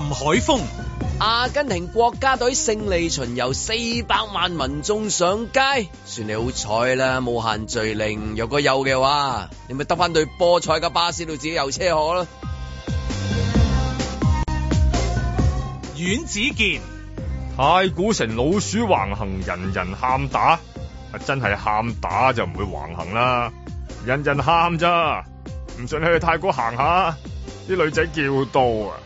林海峰，阿根廷國家隊勝利巡遊四百萬民眾上街，算你好彩啦，冇限聚令。若果有嘅話，你咪得翻對菠菜嘅巴士度自己遊車河咯。阮子健，太古城老鼠橫行，人人喊打。啊，真係喊打就唔會橫行啦，人人喊咋？唔信你去太古行下，啲女仔叫到啊！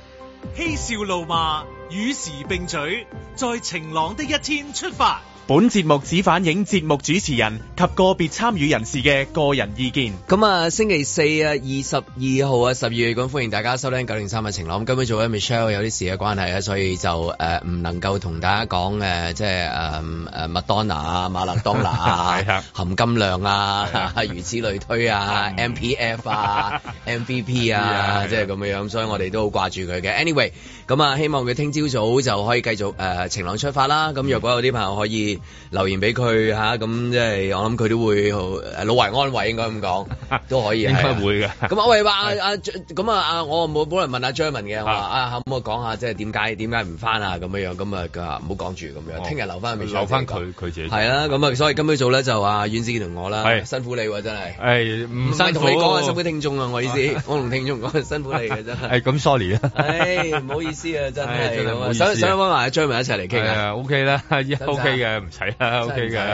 嬉笑怒罵，與時並舉，在晴朗的一天出發。本節目只反映節目主持人及個別參與人士嘅個人意見。咁啊，星期四啊，二十二號啊，十二月咁，歡迎大家收聽九零三嘅晴朗。咁今日做緊 Michelle 有啲事嘅關係啊，所以就誒唔能夠同大家講誒，即係誒誒麥當娜啊、馬勒當娜啊、含金量啊、如此類推啊、MPF 啊、MVP 啊，即係咁樣樣。所以我哋都好掛住佢嘅。anyway，咁啊，希望佢聽朝早就可以繼續誒晴朗出發啦。咁若果有啲朋友可以，留言俾佢嚇，咁、啊、即係我諗佢都會好老懷安慰，應該咁講都可以。 應該會嘅。咁啊，啊，啊，啊，啊，啊，我係話阿阿咁啊，我冇冇人問阿張文嘅，我話啊可唔可以講下即係點解點解唔返啊咁樣樣，咁啊佢唔好講住咁樣，聽日留翻。留翻佢佢自己。係啦，咁啊，所以今朝早咧就阿遠志同我啦。辛苦你真係。係唔係同你講啊，辛苦聽眾啊，我意思我同聽眾講辛苦你嘅真係。係咁，sorry 啦。唉，唔好意思啊，真係。係想想埋阿張文一齊嚟傾啊。OK 啦，OK 嘅。哎唔使啦，OK 嘅，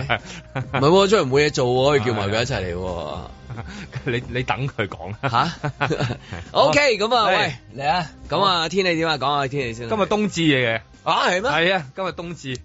唔係，中午冇嘢做，可以叫埋佢一齊嚟。 你你等佢講吓，OK，咁啊，hey. 喂，嚟啊，咁啊，hey. 天氣點啊？講下天氣先。今日冬至嘅嘢啊，係咩？係啊，今日冬至。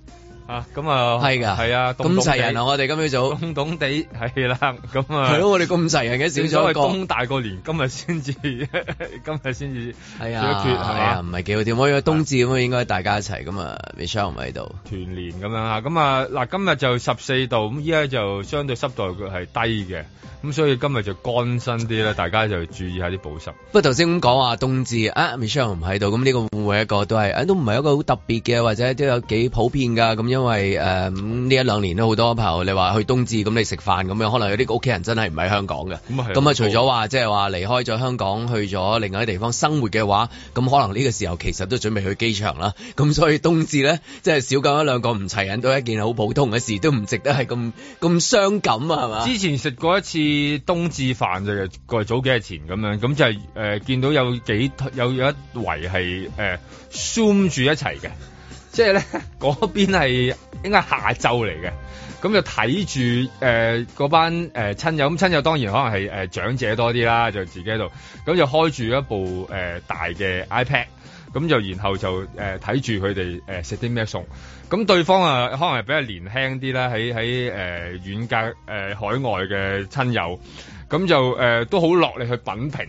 啊，咁啊，係噶，係啊，咁齊人啊，我哋今朝早，凍凍地，係啦，咁啊，係咯，我哋咁齊人嘅，少咗一個。因為冬大過年，今日先至，今日先至，係啊，係啊，唔係幾好點？我以為冬至咁啊，應該大家一齊咁啊，Michelle 唔喺度。團年咁樣嚇，咁啊，嗱，今日就十四度，咁依家就相對濕度佢係低嘅。咁所以今日就乾身啲咧，大家就注意下啲補濕。不過頭先咁講話冬至啊，Michelle 唔喺度，咁呢個會唔會一個都係、啊，都唔係一個好特別嘅，或者都有幾普遍噶？咁因為誒，呢、呃、一兩年都好多朋友，你話去冬至咁，你食飯咁樣，可能有啲屋企人真係唔喺香港嘅。咁啊、就是，咁除咗話即係話離開咗香港去咗另外啲地方生活嘅話，咁可能呢個時候其實都準備去機場啦。咁所以冬至咧，即係少講一兩個唔齊人都係一件好普通嘅事，都唔值得係咁咁傷感啊？係嘛？之前食過一次。啲冬至飯就過咗早幾日前咁樣，咁就誒、呃、見到有幾有一圍係誒 zoom 住一齊嘅，即係咧嗰邊係應該下晝嚟嘅，咁就睇住誒嗰班誒親、呃、友，咁親友當然可能係誒、呃、長者多啲啦，就自己喺度，咁就開住一部誒、呃、大嘅 iPad。咁就然後就誒睇住佢哋誒食啲咩餸，咁、呃呃、對方啊可能係比較年輕啲啦，喺喺誒遠隔誒、呃、海外嘅親友。咁就誒、呃、都好落力去品評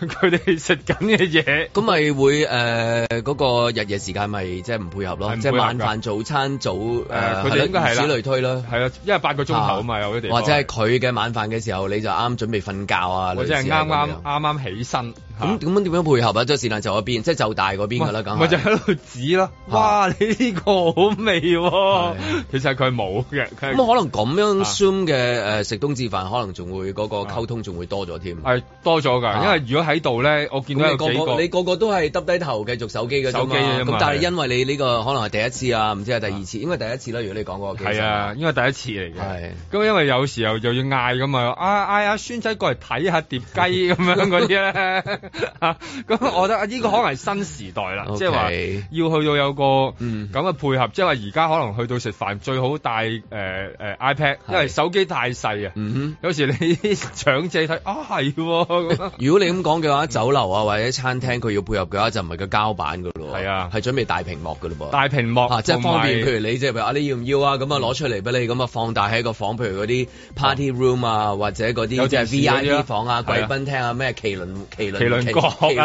佢哋食緊嘅嘢，咁 咪會誒嗰、呃那個日夜時間咪即係唔配合咯？即係晚飯早餐早、早、呃、誒，此、呃、類推啦係啊，因為八個鐘頭啊嘛，有啲地方或者係佢嘅晚飯嘅時候，你就啱啱準備瞓覺啊，或者係啱啱啱啱起身。咁咁樣點樣配合啊？即時間就一邊，即係就大嗰邊㗎啦，咁咪就喺度指咯。哇！你呢個好味喎、哦，其實佢冇嘅。咁可能咁樣 Zoom 嘅誒食冬至飯，可能仲會嗰、那個溝通仲會多咗添，係多咗㗎，因為如果喺度咧，我見到幾個你個個你個個都係耷低頭繼續手機嘅手機啊，咁但係因為你呢個可能係第一次啊，唔知係第二次，應該第一次啦。如果你講嗰個係啊，應該第一次嚟、啊、嘅。咁、啊啊，因為有時候又要嗌咁啊，嗌阿、啊、孫仔過嚟睇下碟雞咁樣嗰啲咧，咁我覺得呢個可能係新時代啦，即係話要去到有個咁嘅配合，即係話而家可能去到食飯最好帶、呃呃、iPad，因為手機太細啊、嗯嗯。有時你。 長者睇啊，係、哦。 如果你咁講嘅話，酒樓啊或者餐廳佢要配合嘅話，就唔係個膠板嘅咯，係啊，係準備大屏幕嘅咯，大屏幕即係、啊就是、方便。譬如你即係譬如啊，你要唔要啊？咁啊攞出嚟俾你，咁啊放大喺個房，譬如嗰啲 party room 啊，嗯、或者嗰啲即係 VIP 房啊，貴賓廳啊，咩麒、啊、麟麒麟麒麟閣啊，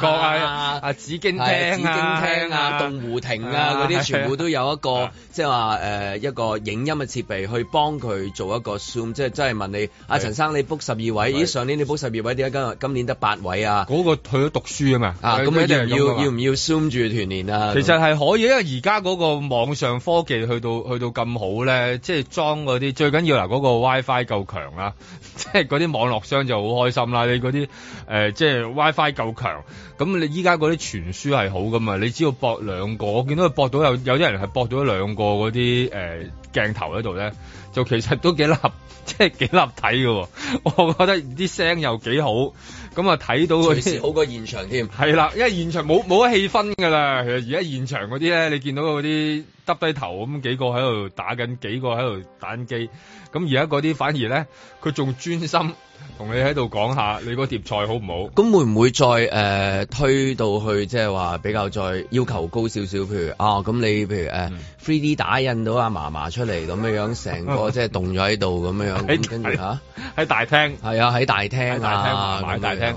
啊，啊，啊，紫荊廳紫荊廳啊，洞湖庭啊，啲、啊啊啊啊啊、全部都有一個即係話誒一個影音嘅設備去幫佢做一個 zoom，即係真係問你啊，陳生你。博十二位，咦？上年你博十二位，點解今日今年得八位啊？嗰個去咗讀書啊嘛，啊咁一定要要唔要 Zoom 住團年啊？其實係可以，因為而家嗰個網上科技去到去到咁好咧，即係裝嗰啲最緊要嗱嗰個 WiFi 夠強啦，即係嗰啲網絡商就好開心啦。你嗰啲誒即係 WiFi 夠強，咁你依家嗰啲傳輸係好噶嘛？你只要博兩個，我見到佢博到有有啲人係博咗兩個嗰啲誒。呃鏡頭喺度呢，就其實都幾立，即係幾立體㗎啊。我覺得啲聲又幾好，咁就睇到嗰啲好過現場添。係啦，因為現場冇冇氣氛㗎喇。其實而家現場嗰啲呢，你見到嗰啲耷低頭咁幾個喺度打緊，幾個喺度打緊機，咁而家嗰啲反而呢，佢仲專心。同你喺度講下你嗰碟菜好唔好？咁 會唔會再誒、呃、推到去即係話比較再要求高少少？譬如啊，咁你譬如誒、呃、，3D 打印到阿嫲嫲出嚟咁樣樣，成個即係凍咗喺度咁樣樣，咁跟住吓喺大廳係啊喺大廳喺、啊、大廳買大廳，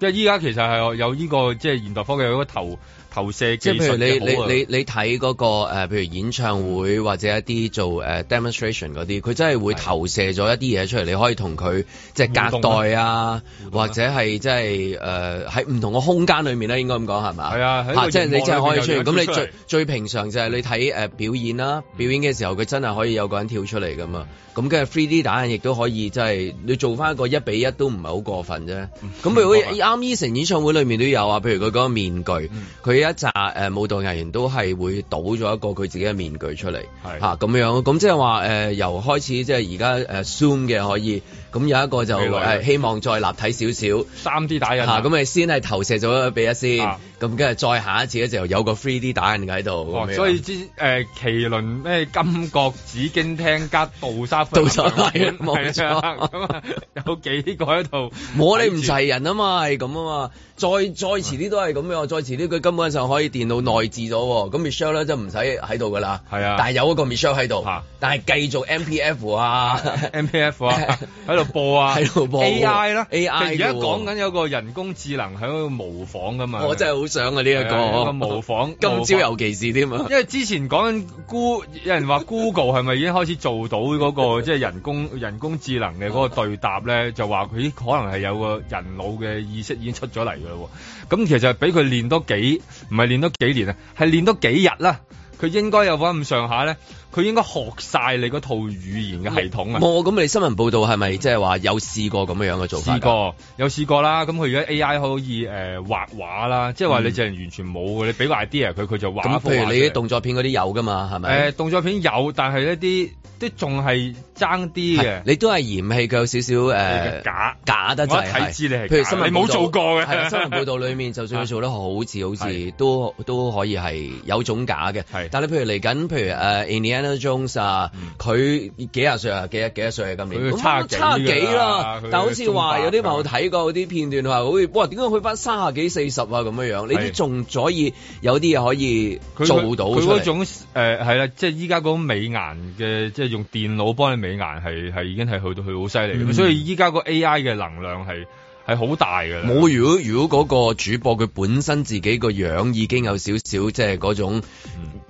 即係依家其實係有呢個即係、就是、現代科技有一個頭。投射，即係譬如你你你你睇嗰、那個誒、呃，譬如演唱會或者一啲做誒、呃、demonstration 嗰啲，佢真係會投射咗一啲嘢出嚟，你可以同佢即係隔代啊，啊或者係即係誒喺唔同嘅空間裏面咧，應該咁講係嘛？係啊，嚇、啊，即係你真係可以出嚟。咁你最最平常就係你睇誒表演啦、啊，嗯、表演嘅時候佢真係可以有個人跳出嚟噶嘛。咁跟住 3D 打印亦都可以，即、就、係、是、你做翻個一比一都唔係好過分啫。咁、嗯嗯、譬如啱 Eason 演唱會裏面都有啊，譬如佢嗰個面具，嗯一紮誒、呃、舞蹈藝人員都係會倒咗一個佢自己嘅面具出嚟，係吓，咁樣，咁即係話誒由開始即係而家誒 Zoom 嘅可以。咁有一個就希望再立體少少，三 D 打印吓，咁咪先係投射咗俾一先，咁跟住再下一次咧就又有個 3D 打印嘅喺度，所以之誒麒麟咩金角紫荊廳加杜沙布沙打布。冇錯，啊錯啊、有幾個喺度，我你唔齊人啊嘛，係咁啊嘛，再再遲啲都係咁樣，再遲啲佢根本上可以電腦內置咗，咁 Michelle 咧就唔使喺度噶啦，啊，但係有一個 Michelle 喺度，但係繼續 MPF 啊，啊 ，MPF 啊喺度。播啊，係咯，播 AI 啦 AI 而家講緊有個人工智能喺度模仿噶嘛，我真係好想啊呢一個模仿,、啊這個、個模仿 今朝尤其是添啊， 因為之前講緊 Google，有人話 Google 係咪已經開始做到嗰、那個即係 人工人工智能嘅嗰個對答咧，就話佢可能係有個人腦嘅意識已經出咗嚟噶咯，咁其實俾佢練多幾唔係練多幾年啊，係練多幾日啦，佢應該有翻咁上下咧。佢應該學晒你嗰套語言嘅系統啊！冇，咁你新聞報導係咪即係話有試過咁樣嘅做法？試過有試過啦。咁佢而家 AI 可以誒、呃、畫畫啦，即係話你淨係完全冇嘅，你俾埋 idea 佢，佢就畫咁、嗯、譬如你啲動作片嗰啲有㗎嘛？係咪？誒、呃、動作片有，但係一啲都仲係爭啲嘅。你都係嫌棄佢有少少、呃、假假得滯、就是。睇知你係譬如新聞報導，你冇做過嘅新聞報導裏面，就算佢做得好似好似 都都可以係有種假嘅。但你譬如嚟緊，譬如、呃分佢、啊、幾廿歲啊？幾廿幾多歲啊？今年差差幾啦？但好似話有啲朋友睇過嗰啲片段，話好似哇，點解佢返三十幾四十啊咁樣樣？你都仲可以有啲嘢可以做到。佢嗰種誒係啦，即係依家嗰種美顏嘅，即係用電腦幫你美顏，係係已經係去到佢好犀利。嗯、所以依家個 AI 嘅能量係。係好大嘅。冇，如果如果嗰個主播佢本身自己個樣已經有少少，即係嗰種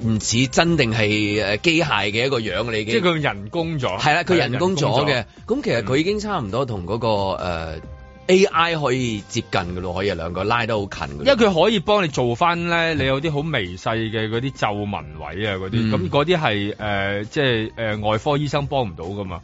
唔似真定係誒機械嘅一個樣，你已經即係佢人工咗。係啦，佢人工咗嘅。咁其實佢已經差唔多同嗰、嗰個誒、嗯啊、AI 可以接近嘅咯，可以兩個拉得好近。因為佢可以幫你做翻咧，你有啲好微細嘅嗰啲皺紋位啊，嗰啲咁嗰啲係誒，即係誒、呃、外科醫生幫唔到噶嘛。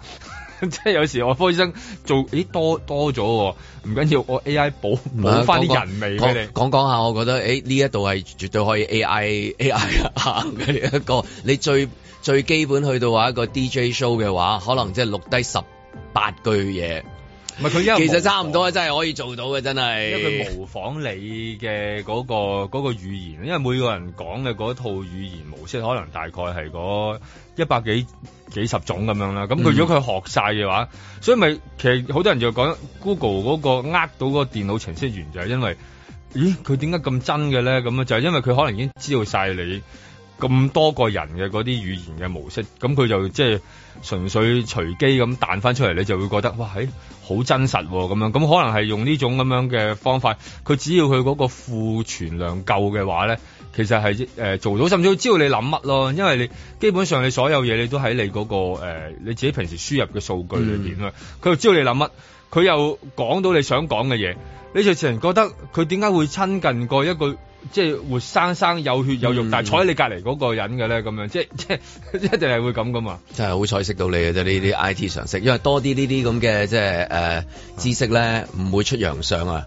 即 係有時外科醫生做，咦多多咗喎、哦，唔緊要，我 A I 補補翻啲人味佢哋。講講下，我覺得，誒呢一度係絕對可以 A I A I 行嘅呢一個 你最最基本去到話一個 D J show 嘅話，可能即係錄低十八句嘢。唔係佢，其實差唔多，真係可以做到嘅，真係。因為佢模仿你嘅嗰個嗰個語言，因為每個人講嘅嗰套語言模式，可能大概係嗰一百幾幾十種咁樣啦。咁佢如果佢學曬嘅話，嗯，所以咪其實好多人就講 Google 嗰個呃到嗰個電腦程式員就係因為，咦佢點解咁真嘅咧？咁啊就係因為佢可能已經知道曬你。咁多個人嘅嗰啲語言嘅模式，咁佢就即係純粹隨機咁彈翻出嚟，你就會覺得哇，好、哎、真實咁、哦、樣。咁可能係用呢種咁樣嘅方法，佢只要佢嗰個庫存量夠嘅話呢，其實係誒、呃、做到，甚至佢知道你諗乜咯，因為你基本上你所有嘢你都喺你嗰、那個誒、呃、你自己平時輸入嘅數據裏邊啦，佢、嗯、又知道你諗乜，佢又講到你想講嘅嘢，你就自然覺得佢點解會親近過一個。即係活生生有血有肉，嗯、但係坐喺你隔籬嗰個人嘅咧，咁樣即係即係一定係會咁噶嘛。真係好彩識到你嘅啫，呢啲 I T 常識，因為多啲呢啲咁嘅即係誒知識咧，唔、嗯、會出洋相啊。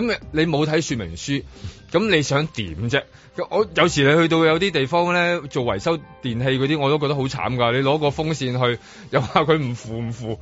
咁你冇睇說明書，咁你想點啫？我有時你去到有啲地方咧做維修電器嗰啲，我都覺得好慘噶。你攞個風扇去，又話佢唔符唔符，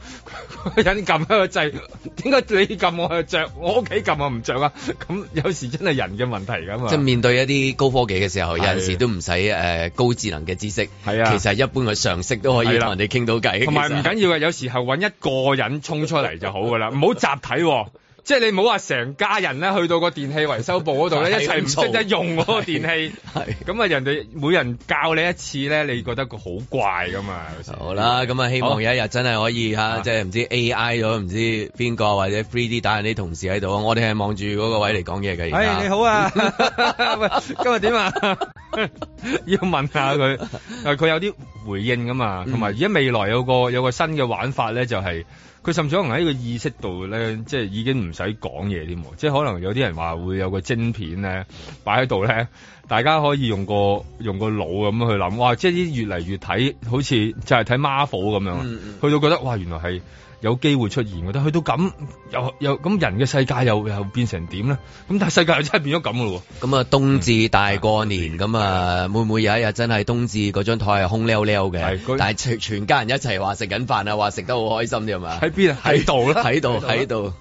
人撳一個掣，點解你撳我就着，我屋企撳我唔着啊？咁有時真係人嘅問題噶嘛。即係面對一啲高科技嘅時候，有陣時都唔使誒高智能嘅知識，其實一般嘅常識都可以同人哋傾到偈。同埋唔緊要啊，有時候搵一個人衝出嚟就好噶啦，唔 好集體、哦。即係你唔好話成家人咧，去到個電器維修部嗰度咧，一齊唔識得用嗰個電器。係。 咁啊，人哋每人教你一次咧，你覺得佢好怪噶嘛？好啦，咁啊，希望有一日真係可以吓、哦啊，即係唔知 AI 咗，唔知邊個或者 3D 打印啲同事喺度，我哋係望住嗰個位嚟講嘢嘅。哎，你好啊！ 今日點啊？ 要問下佢，佢有啲回應噶嘛？同埋，而家未來有個有個新嘅玩法咧，就係、是。佢甚至可能喺個意識度咧，即係已經唔使講嘢添，即係可能有啲人話會有個晶片咧擺喺度咧，大家可以用個用個腦咁樣去諗，哇！即係啲越嚟越睇，好似就係睇 Marvel 咁樣去到、嗯嗯、覺得哇，原來係。有機會出現，我覺得去到咁又又咁人嘅世界又又變成點咧？咁但係世界又真係變咗咁嘅咯喎！咁啊冬至大過年，咁、嗯、啊會唔會有一日真係冬至嗰張台係空溜溜嘅？但係全家人一齊話食緊飯啊，話食得好開心啲係嘛？喺邊啊？喺度啦！喺度喺度。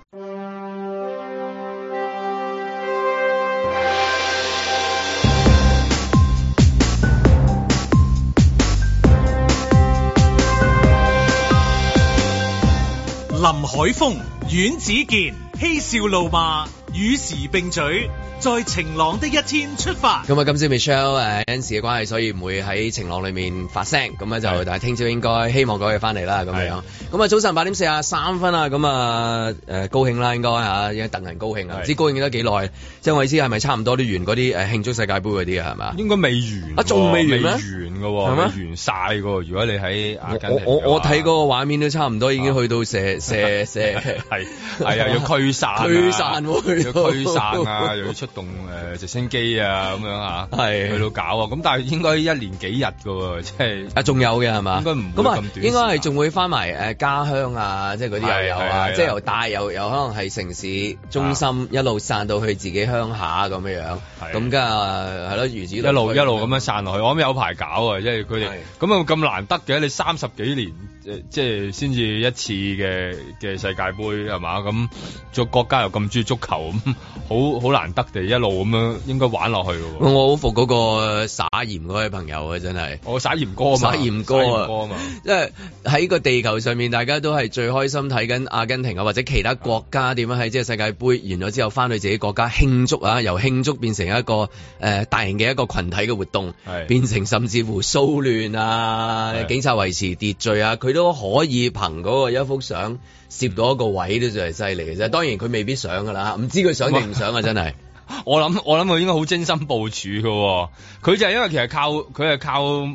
林海峰、阮子健、嬉笑怒罵。與時並舉，在晴朗的一天出發。咁啊，今次 Michelle 誒因事嘅關係，所以唔會喺晴朗裏面發聲。咁咧就大家聽朝應該希望佢可以翻嚟啦。咁樣。咁啊，早晨八點四啊三分啊，咁啊誒高興啦，應該啊，因為等人高興，唔知高興得幾耐。即係我意思係咪差唔多都完嗰啲誒慶祝世界盃嗰啲啊？係咪應該未完啊，仲未完咩？未完㗎，未完晒㗎。如果你喺我我睇嗰個畫面都差唔多，已經去到射射、啊、射，係係啊，要驅散、啊、驅散會 要驅散啊，又要出動、呃、直升機啊，咁樣啊，係去到搞啊。咁但係應該一年幾日㗎喎，即係啊，仲有嘅係嘛？應該唔會咁短。應該係仲會翻埋誒家鄉啊，即係嗰啲又有啊，即係、就是、由大又有可能係城市中心、啊、一路散到去自己鄉下咁樣、啊。係、啊。咁梗係係咯，如此一路一路咁樣散落去。 我諗有排搞啊，因為佢哋咁啊咁難得嘅，你三十幾年。即係先至一次嘅嘅世界盃係嘛，咁做國家又咁中意足球，咁好好難得地一路咁樣應該玩落去嘅。我好服嗰個灑鹽嗰位朋友嘅真係。哦，灑鹽哥啊！灑鹽哥啊！即係喺個地球上面大家都係最開心睇緊阿根廷啊或者其他國家點樣喺，即係世界盃完咗之後翻去自己國家慶祝啊，由慶祝變成一個誒、呃、大型嘅一個群體嘅活動，變成甚至乎騷亂啊、警察維持秩序啊，佢。都可以憑嗰個一幅相攝到一個位都最，都仲係犀利嘅。其實當然佢未必上噶啦，唔知佢想定唔想啊！真 係，我諗我諗佢應該好精心部署嘅、哦。佢就係因為其實靠佢係靠網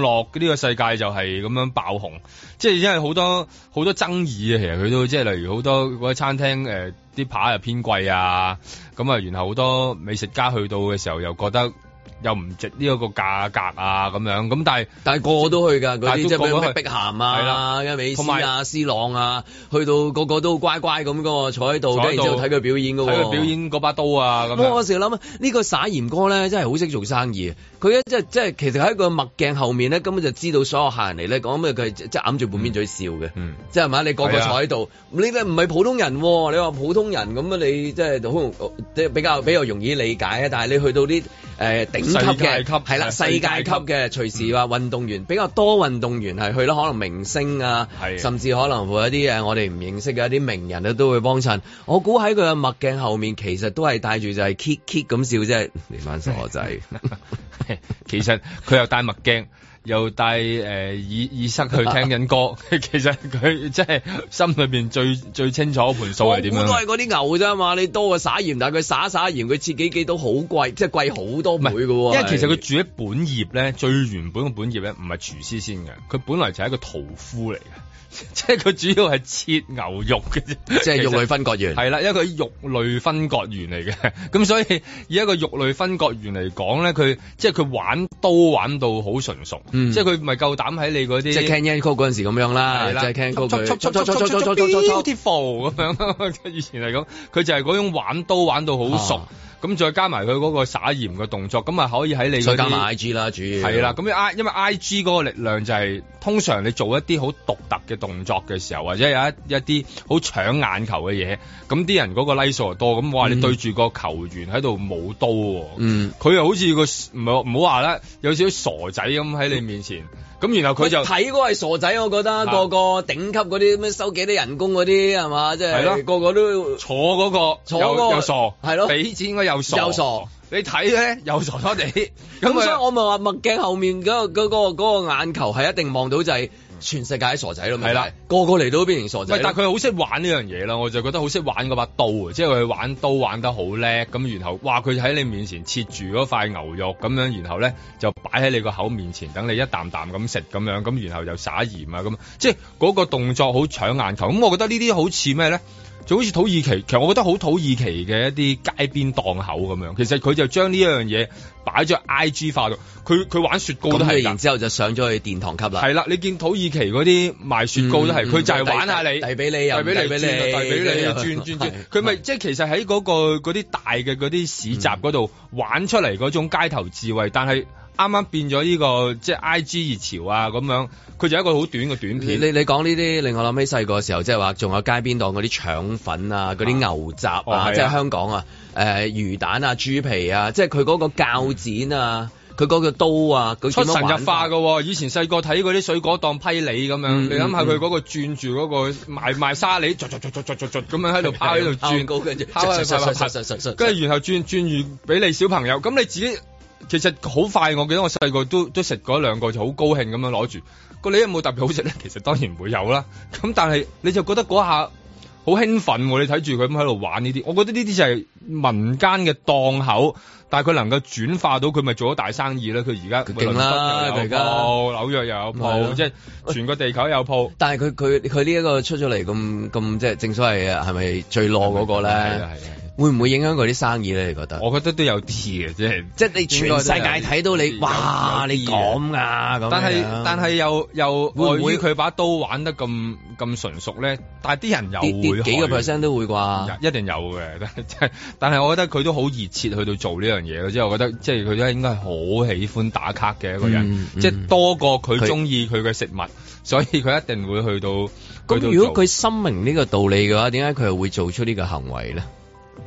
絡呢個世界就係咁樣爆紅，即係因為好多好多爭議啊。其實佢都即係例如好多嗰啲餐廳誒啲扒又偏貴啊，咁啊，然後好多美食家去到嘅時候又覺得。又唔值呢一個價格啊咁樣，咁但係但係個個都去㗎，嗰啲即係咩碧咸啊、啦，加美斯啊、斯朗啊，去到個個都乖乖咁個坐喺度，跟住就睇佢表演嘅喎、啊，睇佢表演嗰把刀啊咁、啊。我成日諗呢個撒鹽哥咧，真係好識做生意。佢即係即係，其實喺個墨鏡後面咧，根本就知道所有客人嚟咧講咩，佢即係揞住半邊嘴笑嘅，即係嘛？你個個坐喺度，你咧唔係普通人，你話普通人咁啊，你即係好即係比較比較容易理解啊、嗯。但係你去到啲誒頂級嘅係啦，世界級嘅，隨時話運動員、嗯、比較多，運動員係去啦，可能明星啊，甚至可能會一啲誒，我哋唔認識嘅一啲名人咧都會幫襯。我估喺佢嘅墨鏡後面，其實都係戴住就係 keep keep 咁笑啫，你班傻仔。 其實佢又戴墨鏡，又戴誒耳耳塞去聽緊歌。 其實佢即係心裏邊最最清楚盤數係點樣。全部都係嗰啲牛嘅啫嘛，你多過撒鹽，但係佢撒撒鹽，佢切幾幾刀好貴，即係貴好多倍嘅。因為其實佢住喺本業咧，最原本嘅本業咧，唔係廚師先嘅，佢本來就係一個屠夫嚟嘅。即係佢主要係切牛肉嘅啫，即係肉類分割員。係 啦，因為佢係肉類分割員嚟嘅，咁所以以一個肉類分割員嚟講咧，佢即係佢玩刀玩到好純熟。嗯，即係佢唔係夠膽喺你嗰啲。即係《Can You Cook》嗰陣時咁樣啦，即係《就是、Can You Cook》佢。Beautiful 咁樣，以前係咁，佢就係嗰種玩刀玩到好熟。哦。咁再加埋佢嗰個撒鹽嘅動作，咁啊可以喺你。再加埋 IG 啦，主要。係啦，咁 I 因為 IG 嗰個力量就係、是、通常你做一啲好獨特嘅動作嘅時候，或者有一一啲好搶眼球嘅嘢，咁啲人嗰個 like 數多。咁我話你對住個球員喺度冇刀、喎，嗯，佢又好似個唔好唔好話啦，有少少傻仔咁喺你面前。嗯咁然後佢就睇嗰個係傻仔，我覺得、啊、個個頂級嗰啲咩收幾多人工嗰啲係嘛，即係、就是啊、個個都坐嗰、嗰個，坐嗰個又傻，係咯、啊，俾錢應該又傻，又傻，你睇咧又傻拖哋咁，所以我咪話墨鏡後面嗰、嗰個嗰嗰、嗰個嗰個眼球係一定望到就係、是。全世界啲傻仔咯，係啦，個個嚟到都變成傻仔。唔係，但係佢好識玩呢樣嘢咯，我就覺得好識玩個把刀，即係佢玩刀玩得好叻。咁然後話佢喺你面前切住嗰塊牛肉咁樣，然後咧就擺喺你個口面前，等你一啖啖咁食咁樣，咁然後就撒鹽啊咁，即係嗰個動作好搶眼球。咁我覺得呢啲好似咩咧？就好似土耳其，其實我覺得好土耳其嘅一啲街邊檔口咁樣，其實佢就將呢一樣嘢擺咗 IG 化度，佢佢玩雪糕都係，然之後就上咗去殿堂級啦。係啦，你見土耳其嗰啲賣雪糕都係，佢、嗯、就係玩下你，遞、嗯、俾、嗯、你，你，遞俾你，遞俾你，轉轉轉。佢咪即係其實喺嗰、嗰個嗰啲大嘅嗰啲市集嗰度玩出嚟嗰種街頭智慧，嗯、但係。啱啱變咗呢、這個即係 IG 熱潮啊咁樣，佢就一個好短嘅短片。你你講呢啲令我諗起細個時候，即係話仲有街邊檔嗰啲腸粉啊、嗰、啊、啲牛雜啊，哦、啊即係香港啊，誒、呃、魚蛋啊、豬皮啊，即係佢嗰個鉸剪，剪啊，佢、嗯、嗰個刀啊，佢出神入化嘅、啊。以前細個睇嗰啲水果檔批梨咁樣，嗯、你諗下佢嗰個轉住嗰個賣賣、嗯、沙梨，咁樣喺度拋喺度轉高，跟住然後轉轉俾你小朋友，咁你自己。其實好快，我記得我細個都都食過一兩個就好高興咁樣攞住，個你有冇特別好食咧？其實當然唔會有啦。咁但係你就覺得嗰下好興奮、啊，你睇住佢咁喺度玩呢啲。我覺得呢啲就係民間嘅檔口，但係佢能夠轉化到佢咪做咗大生意咧？佢而家佢勁啦，而家紐約又有鋪，即係、啊就係、全個地球有鋪。 但係佢佢佢呢一個出咗嚟咁咁，即係正所謂係咪最落嗰個咧？係會唔會影響佢啲生意咧？你覺得？我覺得都有啲嘅，即係即係你全世界睇到你，哇！你講啊！咁但係但係又又會唔會佢把刀玩得咁咁純熟咧？但係啲人又會可幾,幾個 percent 都會啩？一定有嘅，但係但係我覺得佢都好熱切去到做呢樣嘢。即係我覺得，即係佢都應該係好喜歡打卡嘅一個人，嗯嗯、即係多過佢中意佢嘅食物，所以佢一定會去到。咁如果佢深明呢個道理嘅話，點解佢又會做出呢個行為咧？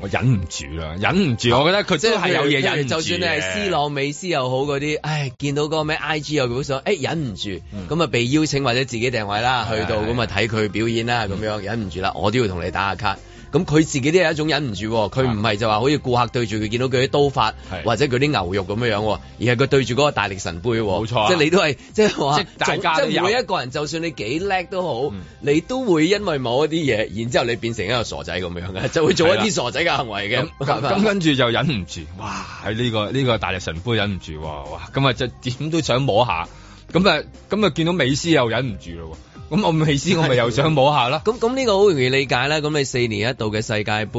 我忍唔住啦，忍唔住，我覺得佢真係有嘢忍住。就算你係斯朗、美斯又好嗰啲，唉，見到嗰個咩 I G 又好想，哎，忍唔住，咁、嗯、啊被邀請或者自己訂位啦，去到咁啊睇佢表演啦，咁樣忍唔住啦，我都要同你打下卡。咁佢自己都係一種忍唔住，佢唔係就話好似顧客對住佢見到佢啲刀法或者佢啲牛肉咁樣喎，而係佢對住嗰個大力神杯，冇錯啊、即係你都係即係話，即係每一個人，就算你幾叻都好、嗯，你都會因為某一啲嘢，然之後你變成一個傻仔咁樣嘅，就會做一啲傻仔嘅行為嘅。咁跟住就忍唔住，哇！喺呢個呢個大力神杯忍唔住，哇！咁啊，就係點都想摸下。咁啊，咁啊，見到美斯又忍唔住咯。咁我未知，我咪又想摸下啦。咁咁呢個好容易理解啦。咁你四年一度嘅世界盃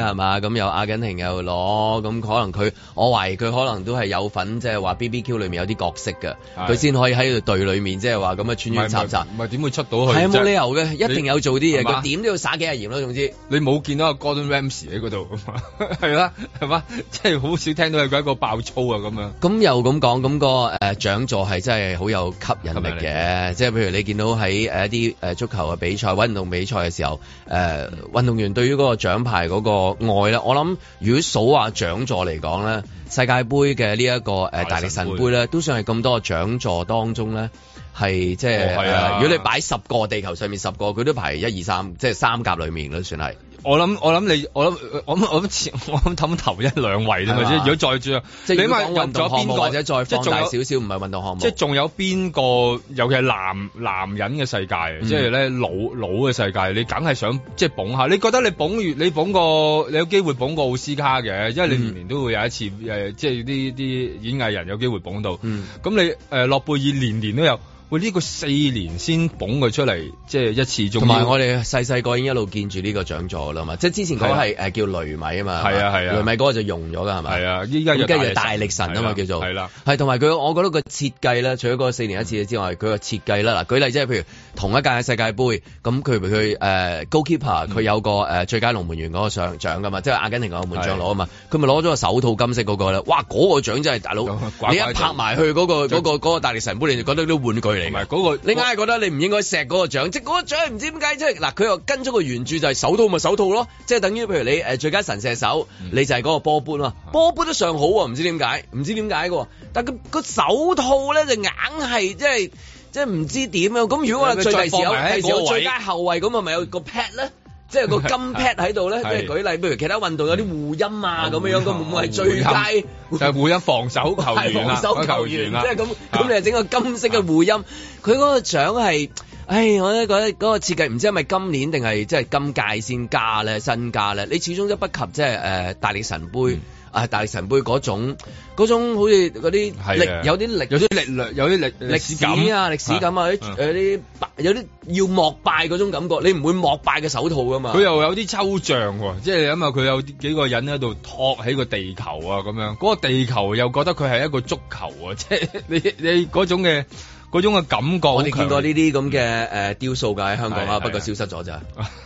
係嘛？咁又阿根廷又攞，咁、哦、可能佢，我懷疑佢可能都係有份，即、就、係、是、話 BBQ 裏面有啲角色嘅，佢先可以喺個隊裏面，即係話咁樣穿插插。唔係點會出到去？係冇、就是、理由嘅，一定有做啲嘢。佢點都要撒幾日鹽咯。總之你冇見到阿 Gordon Ramsay 喺嗰度啊嘛？係 啊，係嘛？即係好少聽到佢一個爆粗啊咁樣。咁又咁講，咁、那個誒獎、呃、座係真係好有吸引力嘅。即係譬如你見到喺。喺一啲誒足球嘅比賽，運動比賽嘅時候，誒、呃、運動員對於嗰個獎牌嗰個愛啦，我諗如果數下獎座嚟講咧，世界盃嘅呢一個誒大力神盃咧，都算係咁多個獎座當中咧，係即係、哦啊，如果你擺十個地球上面十個佢都排一二三，即係三甲裏面都算係。我諗我諗你我諗我諗我諗我諗頭一兩位啫嘛，如果再轉，你問運動項目有或者再放大少少，唔係運動項目，即仲有邊個，尤其係男男人嘅世界，嗯、即係咧老老嘅世界，你梗係想即係捧下，你覺得你捧完你捧個，你有機會捧個奧斯卡嘅，因為你年年都會有一次、嗯、即係啲啲演藝人有機會捧到，咁、嗯、你誒、呃、諾貝爾年年都有。喂，呢、這個四年先捧佢出嚟，即係一次，同埋我哋細細個已經一路見住呢個獎座啦嘛。即係之前嗰個係、啊呃、叫雷米啊嘛，係啊係啊，啊，雷米嗰個就融咗噶係咪？係啊，依家要大力神啊嘛，啊叫做係啦，係同埋佢，我覺得個設計咧，除咗嗰四年一次之外，佢、嗯、個設計啦。嗱，舉例即係譬如同一屆世界盃，咁佢佢誒、呃、goalkeeper 佢、嗯、有個誒、呃、最佳龍門員嗰個上獎噶、嗯、嘛，即係阿根廷龍門獎攞啊嘛，佢咪攞咗手套金色嗰個咧？哇，嗰、那個獎真係大佬乖乖，你一拍埋去嗰、那個嗰、啊、大力神杯，你就覺得都玩具。唔係嗰你硬係覺得你唔應該錫嗰個獎，即係嗰個獎唔知點解即係嗱，佢又跟咗個原著就係手套咪、就是、手套咯，即係等於譬如你誒最佳神射手，你就係嗰個波波咯，波波都上好喎，唔知點解，唔知點解嘅，但係佢個手套咧就硬係即係即係唔知點樣，咁如果我係最第時有最佳後衞咁，係咪有個 pad 咧？即係個金 pad 喺度咧，即係舉例，譬如其他運動有啲護陰啊咁樣樣，佢、那個、會唔會係最佳？就係、是、護陰防守球員防守球員即係咁，咁、就是、你係整個金色嘅護陰，佢嗰個獎係，唉、哎，我覺得嗰個設計唔知係咪今年定係即係今屆先加咧新加咧？你始終都不及即係誒大力神杯。嗯。係大力神杯嗰種，嗰種好似嗰啲力，有啲力，有啲力量，有啲歷歷史感啊，歷史感啊，啲誒啲有啲要膜拜嗰種感覺，你唔會膜拜嘅手套噶嘛。佢又有啲抽象喎，即係你諗下！佢有幾個人喺度托起個地球啊，咁樣嗰個地球又覺得佢係一個足球喎，即係你你嗰種嘅。嗰種嘅感覺，我哋見過呢啲咁嘅誒雕塑，㗎喺香港啦，不過消失咗咋、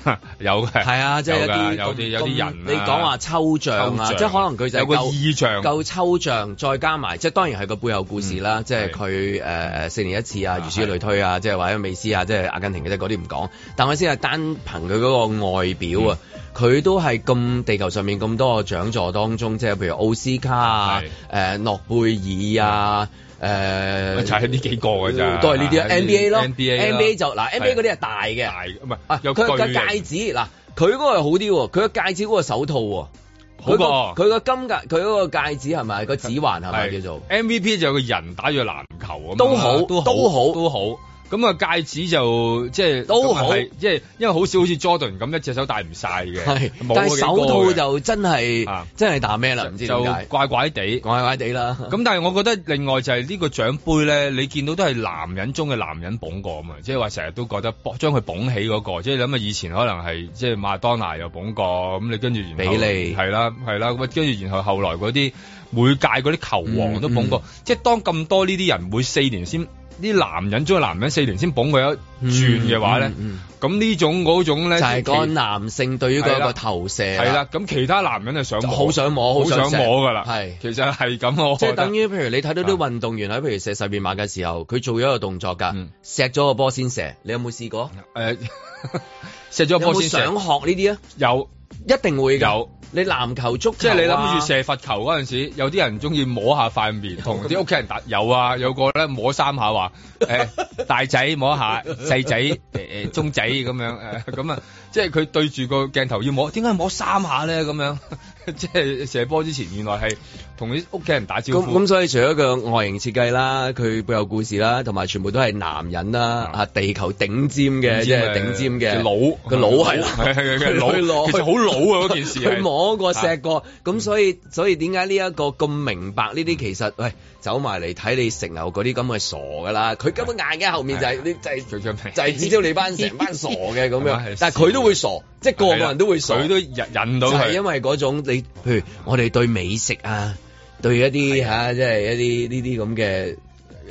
嗯 有嘅係啊，即係有啲有啲有啲人。你講話抽象啊，即係可能佢就有個意象，夠抽象，再加埋即係當然係個背後故事啦。嗯、即係佢誒四年一次啊，如此類推啊。啊即係或者美斯啊，即係阿根廷嘅，即嗰啲唔講。但我先係單憑佢嗰個外表啊，佢、嗯、都係咁地球上面咁多個獎座當中，即係譬如奧斯卡啊，誒諾貝爾啊。誒、呃，就係、是、呢幾個㗎啫，都係呢啲啊，NBA 咯 NBA，NBA 就嗱，NBA 嗰啲係大嘅，唔係啊，佢個、啊、戒指嗱，佢嗰個係好啲喎，佢個戒指嗰個手套喎，好過佢個金戒，佢嗰個戒指係咪個指環係咪叫做 MVP 就有個人打住籃球咁，都好，都好，都好。都好。咁啊，戒指就即係都好，即、就、係、是就是、因為好少好似 Jordan 咁一隻手戴唔晒嘅。冇但係手套就真係、啊、真係打咩啦？唔知就怪怪地，怪怪地啦。咁但係我覺得另外就係呢個獎杯咧，你見到都係男人中嘅男人捧過啊嘛，即係話成日都覺得將佢捧起嗰、那個，即係諗啊，以前可能係即係麥當娜又捧過，咁你跟住然後係啦係啦，跟住然後後來嗰啲每屆嗰啲球王都捧過，嗯嗯、即係當咁多呢啲人每四年先。啲男人中意男人四年先捧佢一轉嘅話咧，咁、嗯嗯嗯、呢種嗰種咧就係、是、個男性對於佢、那個投射，係啦。咁、啊、其他男人就上好想摸，好想摸噶啦。係，其實係咁咯。即係、就是、等於，譬如你睇到，啲運動員喺譬如射十二碼嘅時候，佢做咗一個動作噶，錫咗個波先射。你有冇試過？誒、呃， 錫咗個波先想學呢啲啊？有，一定會有你籃球足球、啊、即係你諗住射罰球嗰陣時，有啲人中意摸下塊面，同啲屋企人打有啊，有個咧摸三下話，誒、欸、大仔摸下，細 仔誒、欸、中仔咁樣誒咁啊。欸即係佢對住個鏡頭要摸，點解要摸三下咧？咁 樣即係射波之前，原來係同啲屋企人打招呼。咁所以除咗個外形設計啦，佢背後故事啦，同埋全部都係男人啦，啊地球頂尖嘅即係頂尖嘅腦，個腦係係係佢腦，其實好老啊！嗰 件事，佢摸過、錫過，咁、啊、所以所以點解呢一個咁明白呢啲？嗯、其實喂，走埋嚟睇你成樓嗰啲咁係傻噶啦！佢根本眼鏡後面就係、是、呢，就係、是、就係招招你班成班傻嘅咁樣， 但係佢都。都會傻，即係個個人都會傻，都引引到係，就是、因為嗰種你，譬如我哋對美食啊，對一啲吓，即係、啊就是、一啲呢啲咁嘅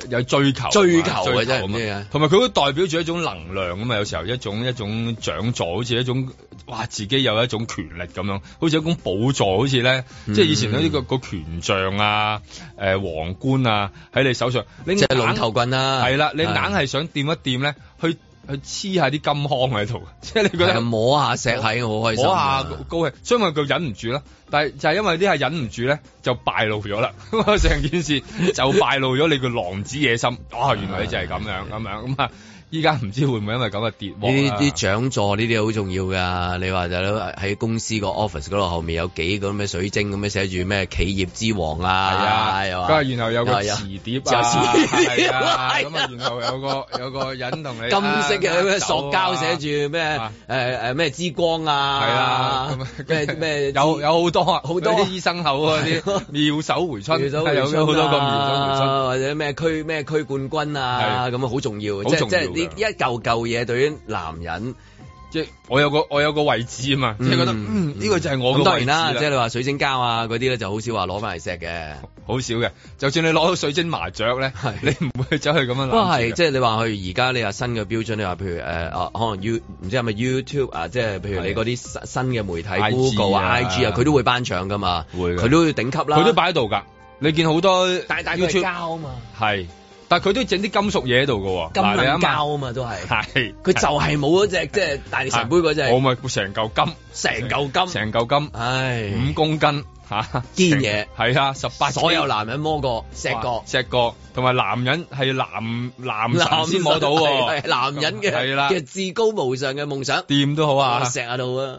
有追求，追求、啊，追求嘅、啊、啫。同埋佢都代表住一種能量咁嘛，有時候一種一種獎座，好似一種哇，自己有一種權力咁樣，好似一種寶座，好似咧、嗯，即係以前嗰啲個個權杖啊，誒、呃，皇冠啊，喺你手上，拎即係龍頭棍啊，係啦，你硬係想掂一掂咧，去。佢黐下啲金腔喺度，即係你覺得摸下石喺好開心，摸下高氣，所以咪佢忍唔住咯。但係就係因為啲係忍唔住咧，就敗露咗啦。成 件事就敗露咗你個狼子野心。 哦，原來你就係咁樣咁樣咁啊！嗯依家唔知會唔會因為咁嘅跌、啊？呢啲啲獎座呢啲好重要㗎。你話就喺公司個 office 嗰度後面有幾個咩水晶咁樣寫住咩企業之王啊？係啊，話。然後有個瓷碟啊。有瓷碟。咁啊，然後有個， 有，個有個人同你金色嘅、啊啊、塑膠寫住咩誒誒咩之光啊？係 啊，咩咩有有好多好多啲醫生口嗰啲妙手回春，妙手回春啊，有好多咁妙手回春，或者咩區咩區冠軍啊，咁啊好重要，即，即一嚿嚿嘢對於男人，即係我有個我有個位置嘛，嗯、即係覺得呢、嗯嗯呢個就係我的位置。咁當然啦，即係你話水晶膠啊嗰啲咧，那些就好少話攞翻嚟錫嘅，好少嘅。就算你攞到水晶麻雀咧，係 你唔會走去咁樣攞。都係即係你話佢而家你話新嘅標準，你話譬如誒、呃，可能 U 唔知係咪 YouTube 啊，即係譬如你嗰啲新嘅媒體的 Google 啊、yeah、IG 啊，佢都會頒獎噶嘛，會佢都會頂級啦，佢都擺喺度噶。你見好多 YouTube 係。但佢都整啲金屬嘢喺度嘅喎，金粉膠啊嘛都係，係佢就係冇嗰隻即係大力神杯嗰隻，我咪成嚿金，成嚿金，成嚿金，唉，五公斤吓堅嘢，係啊，十八，所有男人摸過石角，石角同埋男人係男男男先摸到喎，男人嘅，係啦，嘅至高無上嘅夢想，掂都好啊，石下度啊。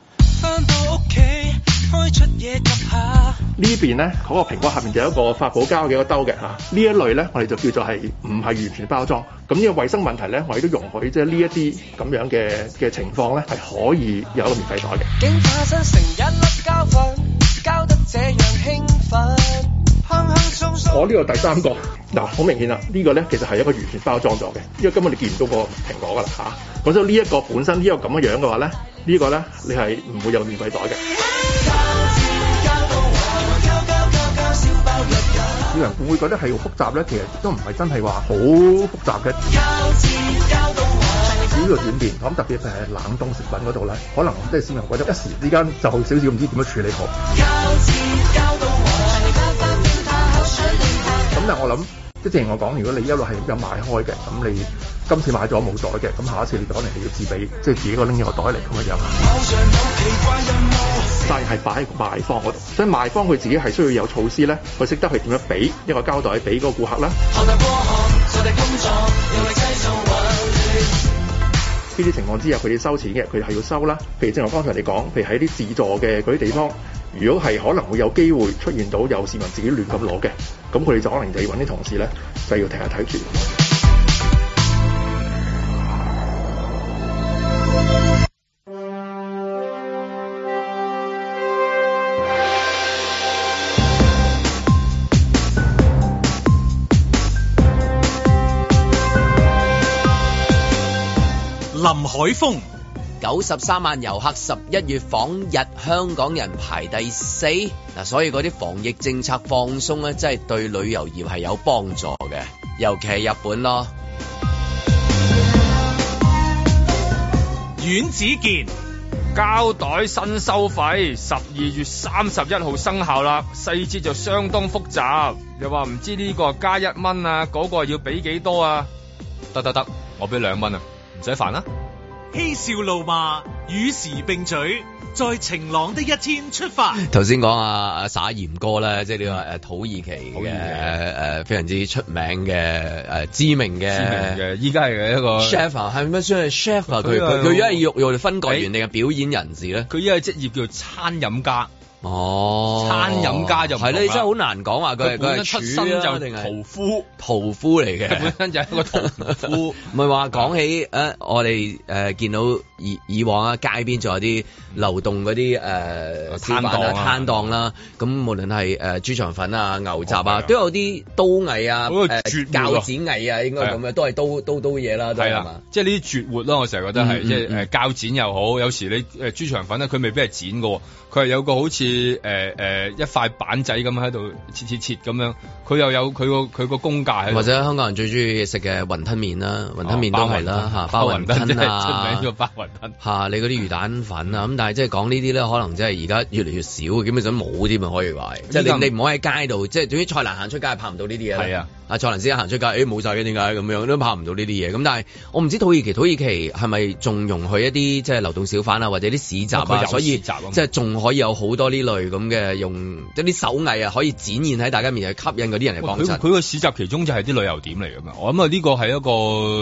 到出下這邊呢邊咧，嗰、那個蘋果下面就有一個發泡膠嘅一個兜嘅，吓呢一類咧，我哋就叫做係唔係完全包裝，咁呢個衛生問題咧，我哋都容許，即係呢一啲咁樣嘅嘅情況咧，係可以有一個免費袋嘅。我呢個第三個，嗱好明顯啦，這個、呢個咧其實係一個完全包裝咗嘅，因為根本你見唔到個蘋果噶啦，吓。咁所以呢一個本身這個樣的話呢個咁嘅樣嘅話咧。這個、呢個咧，你係唔會有免費袋嘅。小人會唔會覺得係好複雜咧？其實都唔係真係話好複雜嘅。少、這個轉變咁特別，係冷凍食品嗰度咧，可能即係市民覺得一時之間就好少少唔知點樣處理好。咁但係我諗，即係正如我講，如果你一路係咁樣買開嘅，咁你。今次買咗冇袋嘅，咁下一次你袋嚟係要自備，即係自己個拎一個袋嚟咁嘅樣。但係擺喺賣方嗰度，所以賣方佢自己係需要有措施咧，佢識得去點樣俾一個膠袋俾個顧客啦。呢啲情況之下，佢哋收錢嘅，佢哋係要收啦。譬如正如剛才你講，譬如喺啲自助嘅嗰啲地方，如果係可能會有機會出現到有市民自己亂咁攞嘅，咁佢哋就可能就要搵啲同事咧，就要停，停下睇住。海風九十三萬遊客十一月訪日，香港人排第四嗱，所以嗰啲防疫政策放鬆咧，真係對旅遊業係有幫助嘅，尤其係日本咯。阮子健膠袋新收費十二月三十一號生效啦，細節就相當複雜，又話唔知呢個加一蚊啊，嗰個要俾幾多啊？得得得，我俾兩蚊啊，唔使煩啦。嬉笑怒罵，與時並嘴，在晴朗的一天出發。頭先講阿阿撒鹽哥咧，即係呢個誒土耳其嘅誒誒非常之出名嘅誒知名嘅，知名嘅，依家係一個 chef 係咩先係 chef？佢佢佢而家係用用嚟分割員定係表演人士咧？佢依家個職業叫做餐飲家。哦，餐飲家就係咧，真係好難講，話佢係佢係出身就定係屠夫，屠夫嚟嘅，本身就係一個屠夫。唔係話講起誒、啊，我哋誒、呃、見到以以往、啊、街邊仲有啲流動嗰啲誒攤檔啊攤檔啦、啊，咁、啊、無論係誒、呃、豬腸粉啊牛雜啊，oh, 都有啲刀藝啊誒鉸、啊呃、剪藝啊，應該咁樣都係刀刀刀嘢啦，係啊，係係即係呢啲絕活咯、啊，我成日覺得係、嗯、即係誒鉸剪又好、嗯嗯，有時你誒豬腸粉呢，佢未必係剪嘅。佢係有個好似誒誒一塊板仔咁喺度切切切咁樣，佢又有佢個佢個功架喺度。或者香港人最中意食嘅雲吞麵啦，雲吞麵都係啦、哦、包雲吞真係出名個包雲吞，啊包雲吞啊、你嗰啲魚蛋粉啊咁，但係即係講呢啲咧，可能即係而家越嚟越少，基本上冇添啊，可以話係。即係你你唔可以喺街度，即係總之菜欄行出街拍唔到呢啲嘢阿、啊、蔡瀾先行出街，誒冇晒嘅，點解咁樣都拍唔到呢啲嘢？咁但係我唔知土耳其土耳其係咪仲容許一啲即係流動小販啊，或者啲市、啊、市集啊，所以即係仲可以有好多呢類咁嘅用即係啲手藝啊，可以展現喺大家面前吸引嗰啲人嚟幫。佢佢個市集其中就係啲旅遊點嚟㗎嘛，我諗啊呢個係一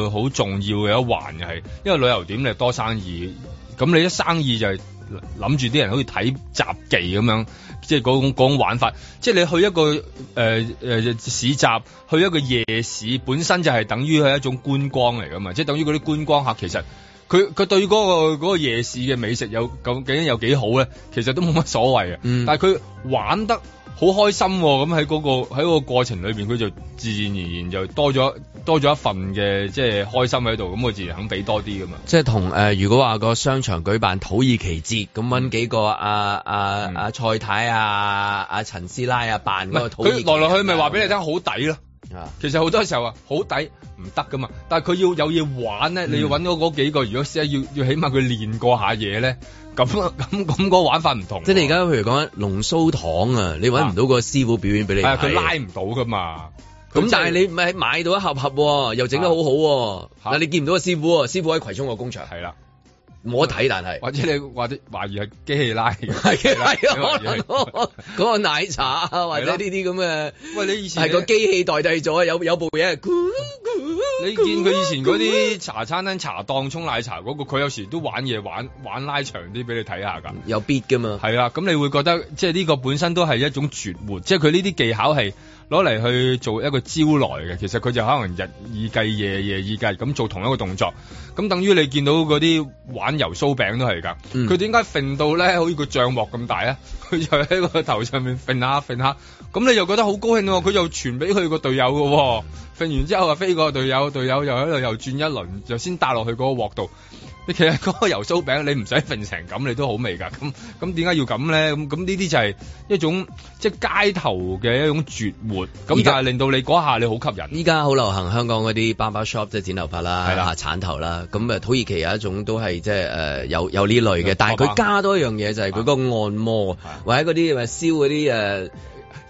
個好重要嘅一環係係，因為旅遊點你多生意，咁你一生意就係諗住啲人好似睇雜技咁樣，即係嗰種嗰種玩法。即係你去一個誒誒、呃、市集，去一個夜市，本身就係等於係一種觀光嚟噶嘛。即係等於嗰啲觀光客，其實佢佢對嗰、嗰個嗰個夜市嘅美食有究竟有幾好咧？其實都冇乜所謂嘅、嗯。但係佢玩得。好開心喎、啊！咁喺嗰個喺個過程裏面，佢就自然而然就多咗多咗一份嘅即係開心喺度，咁佢自然肯俾多啲噶嘛。即係同誒，如果話個商場舉辦土耳其節，咁、嗯、搵幾個阿阿蔡太啊、阿陳師奶啊，扮、嗯、嗰、啊啊啊、個佢來來去咪話俾你聽好抵咯。其實好多時候啊，好抵唔得噶嘛。但佢要有嘢玩咧，你要搵到嗰嗰幾個，嗯、如果先係要要起碼佢練過下嘢咧。咁咁咁個玩法唔同，即係你而家譬如講龍鬚糖啊，你揾唔到個師傅表演俾你睇，佢拉唔到噶嘛。咁、就是、但係你咪買到一盒盒、啊，又整得好好、啊，嗱、啊啊、你見唔到個師傅、啊，師傅喺葵涌個工場。係啦。冇得睇，但係或者你話啲懷疑係機器拉的，係係可能嗰個奶茶或者呢啲咁嘅，喂你以前係個機器代替咗，有有部嘢。 你見佢以前嗰啲茶餐廳、茶檔沖奶茶嗰個，佢有時都玩嘢玩玩拉長啲俾你睇下㗎，有必㗎嘛？係啊，咁你會覺得即係呢個本身都係一種絕活，即係佢呢啲技巧係。攞嚟去做一個招來嘅，其實佢就可能日以繼夜，夜以繼咁做同一個動作，咁等於你見到嗰啲玩油酥餅都係㗎，佢點解揈到咧？好似個帳幕咁大呀，佢就喺個頭上面揈下揈下，咁你又覺得好高興喎！佢又傳俾佢個隊友嘅，揈完之後啊飛過個隊友，隊友又喺度又轉一輪，又先搭落去嗰個鑊度。其實嗰個油酥餅你唔使份成咁，你都好味噶。咁咁點解要咁咧？咁咁呢啲就係一種即係街頭嘅一種絕活。咁但係令到你嗰下你好吸引。依家好流行香港嗰啲 barber shop 即係剪頭髮啦，係啦，鏟頭啦。咁啊，土耳其有一種都係即係誒有有呢類嘅，但係佢加多一樣嘢就係佢個按摩，或者嗰啲咪燒嗰啲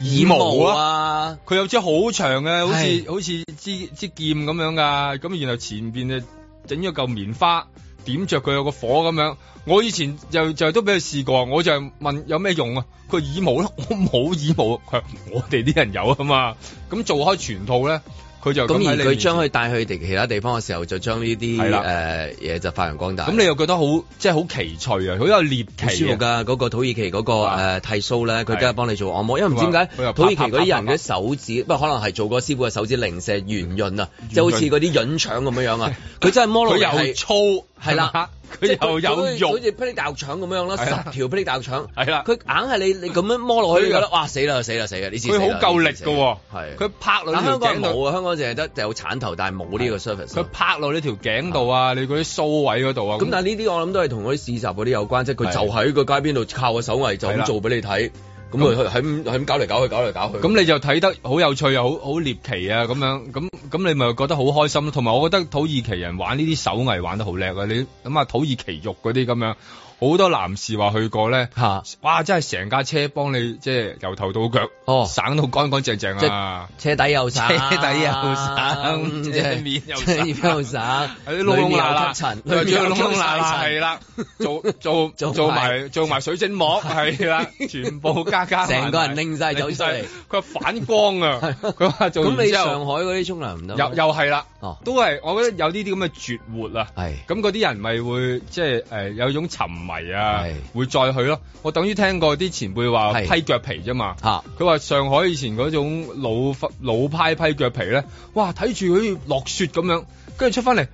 誒耳毛啊。佢有支好長嘅，好似好似支支劍咁樣噶。咁然後前邊就整咗嚿棉花。點著佢有個火咁樣，我以前又就，就都俾佢試過，我就問有咩用啊？佢話耳毛咯，我冇耳毛，佢話我哋啲人有啊嘛，咁做開全套咧。佢就咁而佢將佢帶去地其他地方嘅時候，就將呢啲係啦誒嘢就發揚光大。咁你又覺得好即係好奇趣啊！好有獵奇噶嗰個土耳其嗰、嗰個、呃、剃鬚咧，佢梗係幫你做按摩，因為唔知點解土耳其嗰啲人嘅手指，啪啪啪啪啪啪，不過可能係做過師傅嘅手指靈石圓潤啊，即係好似嗰啲潤腸咁樣樣啊。佢 真係摸落去又粗，係啦。佢又有用，好似霹靂大腸咁樣咯，十條霹靂大腸，係啦，佢硬係你你咁樣摸落去，你覺得哇死啦死啦死啦，呢啲佢好夠力㗎喎，係，佢拍落香港冇啊，香港淨係得有鏟頭，但係冇呢個 service。佢拍落呢條頸度啊，你嗰啲蘇位嗰度啊。咁但係呢啲我諗都係同佢啲市集嗰啲有關，即係佢就喺個街邊度靠個手藝就咁做俾你睇。咁佢喺喺咁搞嚟搞去，搞嚟搞去。咁你就睇得好有趣啊，好好獵奇啊，咁樣。咁咁你咪覺得好開心咯。同埋，我覺得土耳其人玩呢啲手藝玩得好叻啊！你咁啊土耳其肉嗰啲咁樣。好多男士話去過咧，嚇！哇！真係成架車幫你即係由頭到腳哦，省到乾乾淨淨啊！車底又省，車底又省，嗯、即係面又省，又省啲窿窿罅罅塵，係啦，做做做埋做埋水晶膜係啦，全部加加成個人拎晒走曬，佢反光啊！佢話做咁你上海嗰啲沖涼唔得又又係啦，都係，我覺得有呢啲咁嘅絕活啊，係咁嗰啲人咪會即係誒有種沉。迷啊，會再去咯。我等於聽過啲前輩話係批腳皮啫嘛。吓，佢、啊、話上海以前嗰種老老派批腳皮咧，哇，睇住好似落雪咁樣，跟住出翻嚟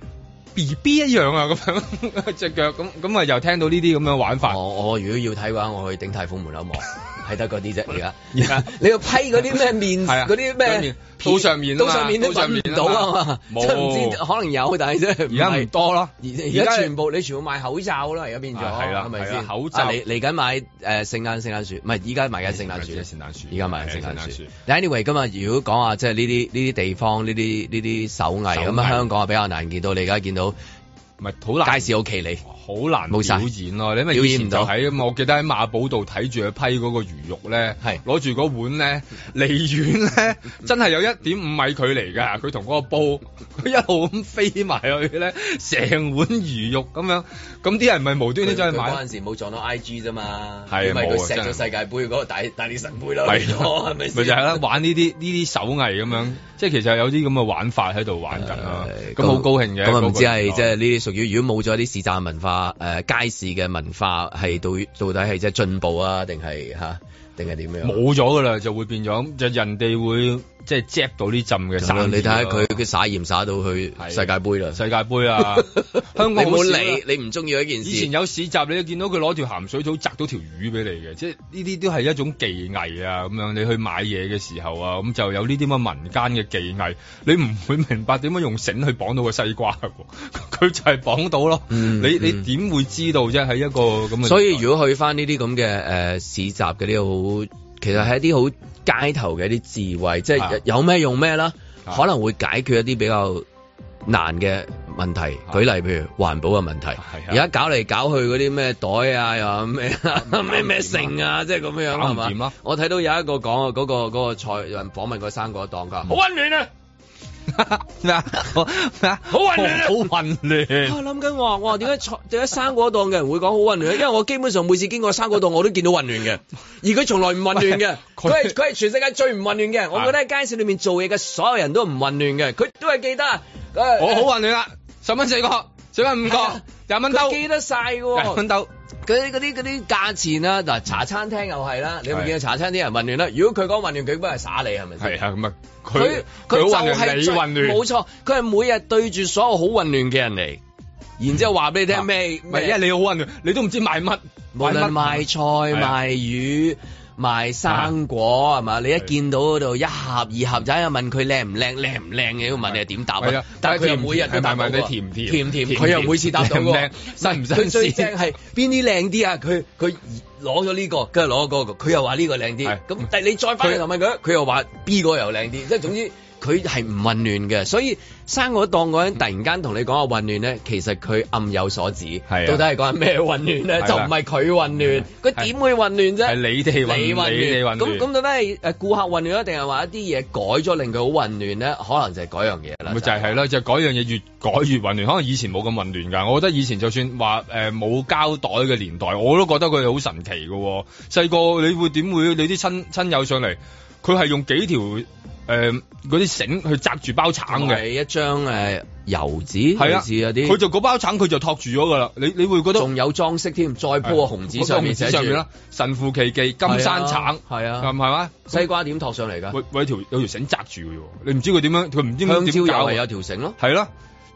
B B 一樣啊，咁樣隻腳咁咁啊，又聽到呢啲咁樣玩法。我我，我如果要睇嘅話，我去鼎泰豐門口望。好 係得嗰啲啫，而家而家你要批嗰啲咩面，嗰啲咩到上面，到上面都唔到，上面到上面啊嘛，唔知可能有，但係啫，而家唔多咯。而家全部你全部買口罩啦，而家變咗。係、啊、啦，係咪先口罩嚟嚟緊買誒聖誕聖誕樹，唔係依家買緊聖誕樹，聖誕樹依家買緊聖誕樹。Anyway，今日如果講下即係呢啲呢啲地方呢啲呢啲手藝咁啊，香港啊比較難見到。你而家見到唔係好難街市奇你好難表演咯、啊，你咪以前就喺咁啊！我記得喺馬寶道睇住佢批嗰個魚肉咧，係攞住嗰碗咧，離遠咧真係有一點五米距離㗎。佢同嗰個煲，佢一路咁飛埋去咧，成碗魚肉咁樣。咁啲人咪係無端端走去買嗰陣時冇撞到 I G 啫嘛，因為佢錫咗世界盃嗰個大大，大力神盃咯，係咪、啊？就係、是、啦、啊，玩呢啲呢啲手藝咁樣，即係其實有啲咁嘅玩法喺度玩緊啊！咁好高興嘅，咁唔、那個、知係即係呢啲屬於，如果冇咗啲市集文化。啊！誒，街市嘅文化係到到底係即係進步啊，定係吓？定係點樣？冇咗噶啦，就會變咗就人哋會。即係執到呢浸嘅，你睇下佢佢撒鹽撒到去世界盃啦，世界盃啊！ 香港冇、啊、理，你唔中意一件事。以前有市集，你就見到佢攞條鹹水草摘到條魚俾你嘅，即係呢啲都係一種技藝啊！咁樣你去買嘢嘅時候啊，咁就有呢啲咁嘅民間嘅技藝。你唔會明白點樣用繩去綁到個西瓜佢、啊、就係綁到咯。嗯、你你點會知道啫？即係一個咁。所以如果去翻呢啲咁嘅誒市集嘅啲好。其實係一啲好街頭嘅一啲智慧，即係有咩用咩啦，可能會解決一啲比較難嘅問題。啊、舉例譬如環保嘅問題，而家、啊、搞嚟搞去嗰啲咩袋啊，又咩咩咩剩啊，即係咁樣係嘛？我睇到有一個講嗰個嗰個菜，有人訪問過生果檔噶，好溫暖啊！咩 啊？ 好混亂，好混亂。我諗緊我話，我點解坐點解生果檔嘅人會講好混亂？因為我基本上每次經過生果檔，我都見到混亂嘅，而佢從來唔混亂嘅。佢係佢係全世界最唔混亂嘅。我覺得喺街市裏面做嘢嘅所有人都唔混亂嘅。佢都係記得。呃、我好混亂啦！十蚊四個，十蚊五個，廿蚊兜。記得晒嘅。哦，廿蚊嗰啲嗰啲嗰啲價錢啦、啊，嗱茶餐廳又係啦，你會見到茶餐廳人混亂啦、啊。如果佢講混亂，佢根本係耍你，係咪係咁啊！佢佢就係最冇錯，佢係每日對住所有好混亂嘅人嚟，然之後話俾你聽咩？咪你好混亂你都唔知賣乜，無論賣菜賣魚。賣生果係嘛、啊？你一見到嗰度一盒二盒仔，問佢靚唔靚靚唔靚嘅，要問你點答？但係佢又每日都大問你甜唔甜？甜唔甜？佢又每次答到靚，新唔新？甜甜甜甜甜甜失失最正係邊啲靚啲啊？佢佢攞咗呢個，跟住攞咗嗰個，佢又話呢個靚啲。咁但係你再翻，去又問佢，佢又話 B 個又靚啲。即係總之。嗯總之佢係唔混亂嘅，所以生果檔嗰陣，突然間同你講話混亂咧，其實佢暗有所指，啊、到底係講緊咩混亂咧、啊？就唔係佢混亂，佢點、啊、會混亂啫？係你哋混，混亂，你哋混亂。咁咁到底係誒顧客混亂，定係話一啲嘢改咗令佢好混亂咧？可能就係嗰樣嘢啦。咪就係、是、係就係、是、嗰、就是、樣嘢越改越混亂。可能以前冇咁混亂㗎。我覺得以前就算話冇、呃、膠袋嘅年代，我都覺得佢哋好神奇㗎、哦。細個你會點會？你啲親親友上嚟，佢係用幾條？誒、呃，嗰啲繩去紮住包橙嘅，一張誒、呃、油紙，油紙嗰啲，佢就嗰包橙佢就托住咗噶啦。你你會覺得仲有裝飾添，再鋪個紅紙上面,寫、啊紙上面寫，神乎其技，金山橙係啊，唔係嘛？西瓜點托上嚟噶？喂喂，條有條繩紮住嘅，你唔知佢點樣，佢唔知點搞。香蕉係有條繩咯，係啦、啊，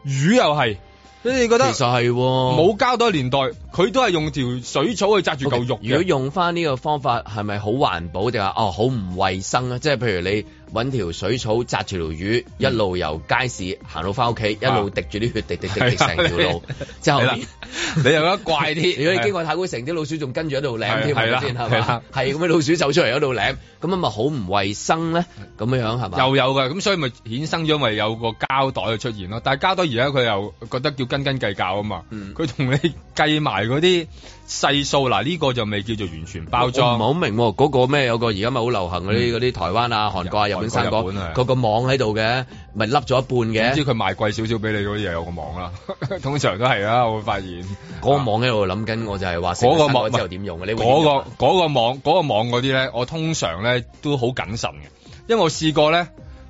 魚又係，你哋覺得其實係冇膠袋，嗰年代佢都係用條水草去紮住嚿、okay, 肉。如果用翻呢個方法，係咪好環保定話哦好唔衛生啊？即係譬如你。揾條水草紮住條魚，嗯、一路由街市行到翻屋企，一路滴住啲血，滴滴滴滴成條路，之、啊、後。 你又覺得怪啲，如果你經過太古城啲老鼠仲跟住喺度舐添，係咪先？係咪啊？係咁樣老鼠走出嚟喺度舐，咁樣咪好唔衛生咧？咁樣樣係嘛？又有㗎，咁所以咪衍生咗咪有個膠袋嘅出現咯。但係膠袋而家佢又覺得叫斤斤計較啊嘛。嗯，佢同你計埋嗰啲細數，嗱呢個就未叫做完全包裝。唔係好明嗰個咩？有個而家咪好流行嗰啲嗰啲台灣啊、韓國啊、日本、水果嗰個網喺度嘅。唔係笠咗一半嘅，知佢賣貴少少俾你啲嘢，有個網啦。 通常都係啦、啊，我會發現嗰、那個網喺度諗緊，我就係話嗰個網之後點用啊？嗰、啊那個嗰、那個網嗰、那個網嗰啲呢，我通常呢都好謹慎嘅，因為我試過呢，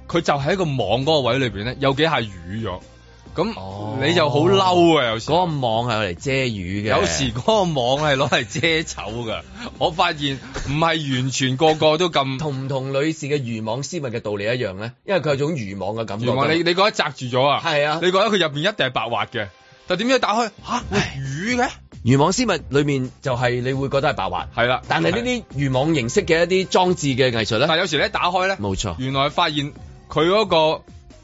佢就喺個網嗰個位裏面呢，有幾下魚咗。咁、哦、你就好嬲啊！嗰個網係用嚟遮魚嘅，有時嗰、那個網係攞嚟遮醜噶。 我發現唔係完全個個都咁同唔同女士嘅漁網絲襪嘅道理一樣呢，因為佢係種漁網嘅感覺。漁網，你你覺得擳住咗啊？係啊！你覺得佢入邊一定係白滑嘅，但點樣打開嚇、啊、魚呢？漁網絲襪裏面就係你會覺得係白滑，係啦、啊。但係呢啲漁網形式嘅一啲裝置嘅藝術呢，但係有時咧打開咧，冇錯，原來發現佢嗰、那個。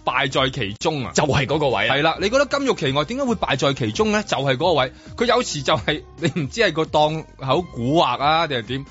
敗在其中啊，就係、是、嗰個位、啊。係啦，你覺得金玉其外，點解會敗在其中咧？就係、是、嗰個位，佢有時就係、是、你唔知係個檔口蠱惑啊，定係點？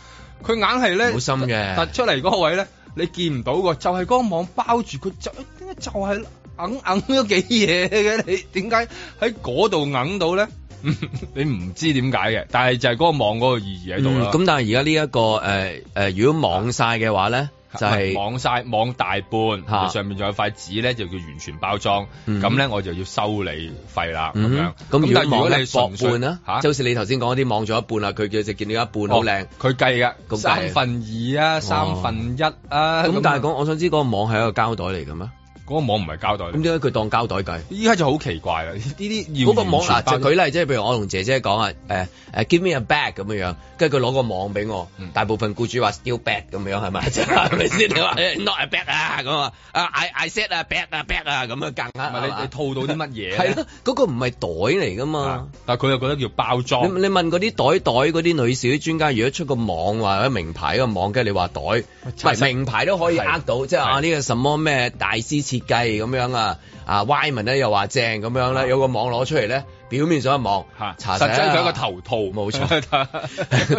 佢硬係咧，好深嘅突出嚟嗰個位咧，你見唔到個，就係、是、嗰個網包住佢就，點解就係硬硬咗幾嘢嘅、啊？你點解喺嗰度硬到咧？ 你唔知點解嘅，但係就係嗰個網嗰個意義喺度。咁但係而家呢一個誒誒、呃呃，如果網晒嘅話咧？就係、是、網晒網大半，上面仲有塊紙咧，就叫完全包裝，咁、嗯、咧我就要收你費啦，咁、嗯、樣。咁、嗯、如，如果你防半啦即係，好似你頭先講嗰啲網咗一半啦，佢就見到一半好靚，佢計噶，三分二啊，三分一啊。咁、哦、但係講，我想知嗰個網係一個膠袋嚟嘅咩？嗰個網唔係膠袋，咁點解佢當膠袋計？依家就好奇怪啦！呢啲嗰個網啊，就舉例即係譬如我同姐姐講啊，誒誒 give me a bag 咁樣樣，跟住佢攞個網俾我。大部分僱主話 still bag 咁樣係咪？係咪先？你話 not a bag 啊咁啊？啊 I I said 啊 bag 啊 bag 啊咁啊夾硬。唔係你你套到啲乜嘢？係咯，嗰個唔係袋嚟噶嘛。但係佢又覺得叫包裝。你問嗰啲袋袋嗰啲女士啲專家，如果出個網話嗰啲名牌嘅網，跟住你話袋唔係名牌都可以呃到，即係啊呢個什麼咩大師似。設計咁樣啊，啊 Y 文咧又話正咁樣咧、嗯，有個網攞出嚟咧。表面上一望，實際佢個頭套冇錯，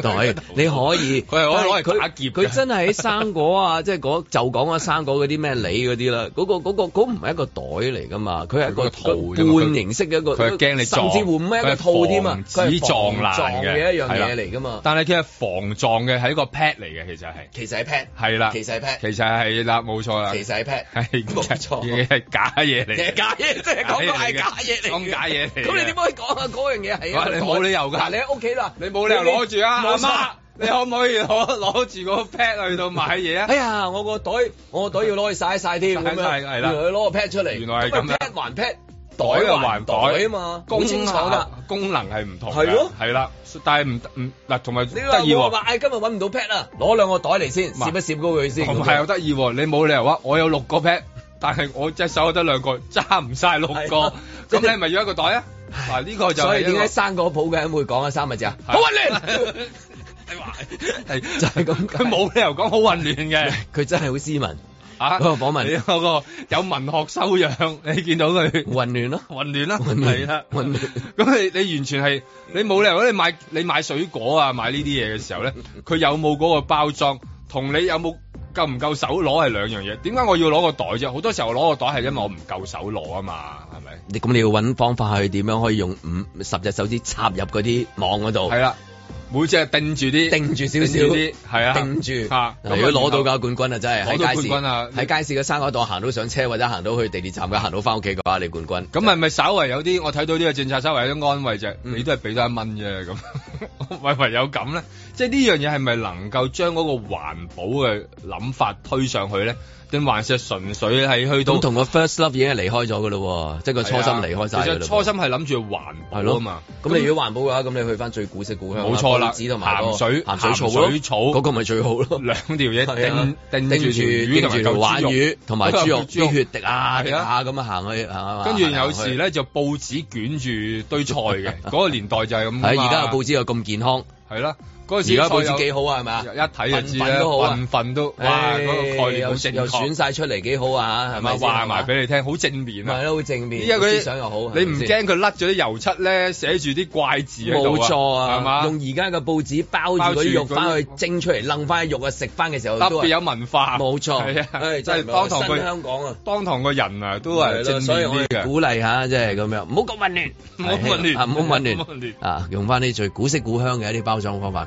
袋 你可以佢係攞嚟佢打劫，佢真係喺生果啊！即係嗰就講嗰生果嗰啲咩梨嗰啲啦，嗰、那個嗰、那個嗰唔係一個袋嚟噶嘛，佢係個，個，套半形式嘅一個，佢係驚你撞，甚至乎唔係一個套添啊！防撞，防撞嘅一樣嘢嚟噶嘛，但係其實防撞嘅係一個 pad 嚟嘅，其實係，其實係 pad，係啦，其實係 pad，是其實係啦，冇錯啦，其實係 pad，冇錯，嘢係假嘢嚟，嘢假嘢即係講緊係假嘢嚟，講假嘢嚟，咁你 唔可以講啊！嗰樣嘢係，你冇理由噶。你喺屋企啦，你冇理由攞住啊，阿媽。你可唔可以攞攞住個 pad 去到買嘢啊？哎呀，我個袋，我個袋要攞去曬一曬添。咁樣係啦，攞個 pad 出嚟，原來係咁嘅。pad 還 pad，袋又還袋啊嘛。咁清楚啦，功能係唔同嘅，係啦。但係唔唔嗱，同埋得意喎。哎，今日揾唔到 pad 啦，攞兩個袋嚟先，閃一閃高佢先。唔係又得意喎，你冇理由話！我有六個 pad，但係我隻手得兩個，揸唔晒六個。咁你係咪要一個袋啊？嗱，呢個就，所以點解生果鋪嘅人都會講啊，三個字啊，好混亂。你話係就係咁，佢冇理由講好混亂嘅，佢真係好斯文啊，嗰個訪問，嗰個有文學修養，你見到佢混亂咯，混亂啦，混亂啦，混亂。咁你你完全係你冇理由，你買你買水果啊買呢啲嘢嘅時候咧，佢有冇嗰個包裝同你有冇？夠唔夠手攞係兩樣嘢，點解我要攞個袋啫？好多時候攞個袋係因為我唔夠手攞啊嘛，係咪？你咁你要搵方法去點樣可以用五十隻手指插入嗰啲網嗰度？係啦，每隻定住啲，定住少少啲，係啊，啊，定住、啊。如果攞到架冠軍啊，真係冠軍啊，喺街市，喺街市嘅、啊、山海檔行到上車或者行到去地鐵站，咁行到翻屋企嘅話，你冠軍。咁係咪稍為有啲，我睇到呢個政策稍為有啲安慰啫、嗯，你都係俾多一蚊啫咁。喂， 唯有咁咧，即係呢樣嘢係咪能夠將嗰個環保嘅諗法推上去咧？定還是純粹係去到同個 first love 已經離離開咗喇咯，即係個初心離開曬、啊。其實初心係諗住環保、啊，保嘛。咁你如果環保嘅話，咁、啊、你，你去翻最古色古香，冇錯啦，紙水鹹水草鹹水草嗰、那個咪最好咯。兩條嘢定定住釣魚同埋豬肉，豬、肉豬肉血滴啊滴啊咁啊行去啊，跟住有時咧就報紙捲住堆菜嘅嗰個年代就係咁。而家報紙咁健康，係啦。嗰、那個、時而家報紙幾好啊，係嘛？一睇就知分分都好啊，雲份都哇！嗰、哎那個概念好正確，又選晒出嚟幾好啊嚇，係嘛？話埋俾你聽，好正、啊、正面。啊。係咯，好正面。因為佢啲思想又好，你唔驚佢甩咗啲油漆咧，寫住啲怪字啊？冇錯啊，係嘛？用而家嘅報紙包住啲肉，翻去蒸出嚟，掹、那、翻、個、肉啊，食翻嘅時候特別有文化、啊。冇錯，係啊，真係、啊啊就是、當堂香港啊，當堂個人啊都係正面啲、啊、鼓勵下，即係咁樣，唔好咁混亂，唔好混亂唔好混亂啊，用翻啲最古色古香嘅一啲包裝方法。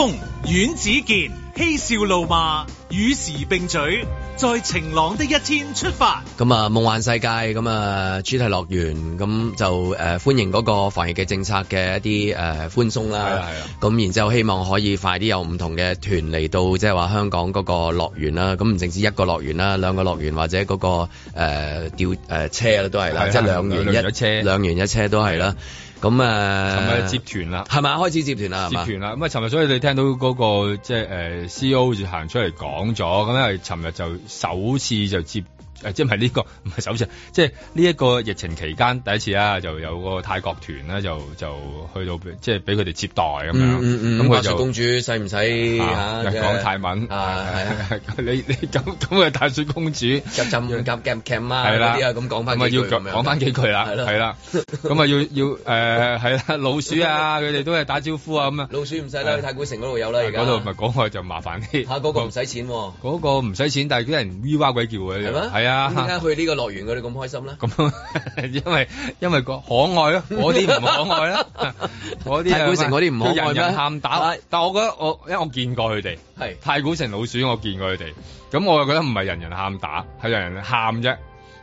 風阮子健嬉笑怒罵與時並舉，在晴朗的一天出發。咁啊，夢幻世界咁啊，主題樂園咁就誒、呃，歡迎嗰個防疫嘅政策嘅一啲誒寬鬆啦。係係、啊。咁、啊、然之後希望可以快啲有唔同嘅團嚟到，即係話香港嗰個樂園啦。咁唔淨止一個樂園啦，兩個樂園，個樂園或者嗰、那個誒、呃、吊誒、呃、車啦都係啦。啊、即係兩園一車。一兩園一車都係啦。咁、嗯、啊，尋日接團啦，係咪啊？開始接團啦，接團啦。咁啊，尋日所以你聽到嗰、那個即係誒 CEO 就行、是呃、出嚟講咗，咁咧係尋日就首次就接。誒、啊，即係唔呢個唔係首先即係呢一個疫情期間第一次啊，就有個泰國團咧、啊，就就去到即係俾佢哋接待咁樣。嗯咁、嗯嗯、白雪公主使唔使講泰文啊？係啊，你你咁咁嘅白雪公主，夾浸、呃、夾夾夾嗎、啊？係啦，咁講翻幾句，要幾句、啊 要，要講翻幾句啦，係、呃、啦，咁啊要要誒係啦，老鼠啊，佢哋都係打招呼啊咁啊。老鼠唔使啦，泰古城嗰度有啦，而家嗰度咪講外就麻煩啲。吓，嗰個唔使錢，嗰個唔使錢，但係啲人 U 哇鬼叫佢點解去呢個樂園佢哋咁開心咧？咁 因為因為個可愛囉，嗰啲唔可愛啦，嗰 啲、 就是、太古城啲唔人人喊打，啊、但係我覺得我因為我見過佢哋，係太古城老鼠，我見過佢哋，咁我又覺得唔係人人喊打，係人人喊啫。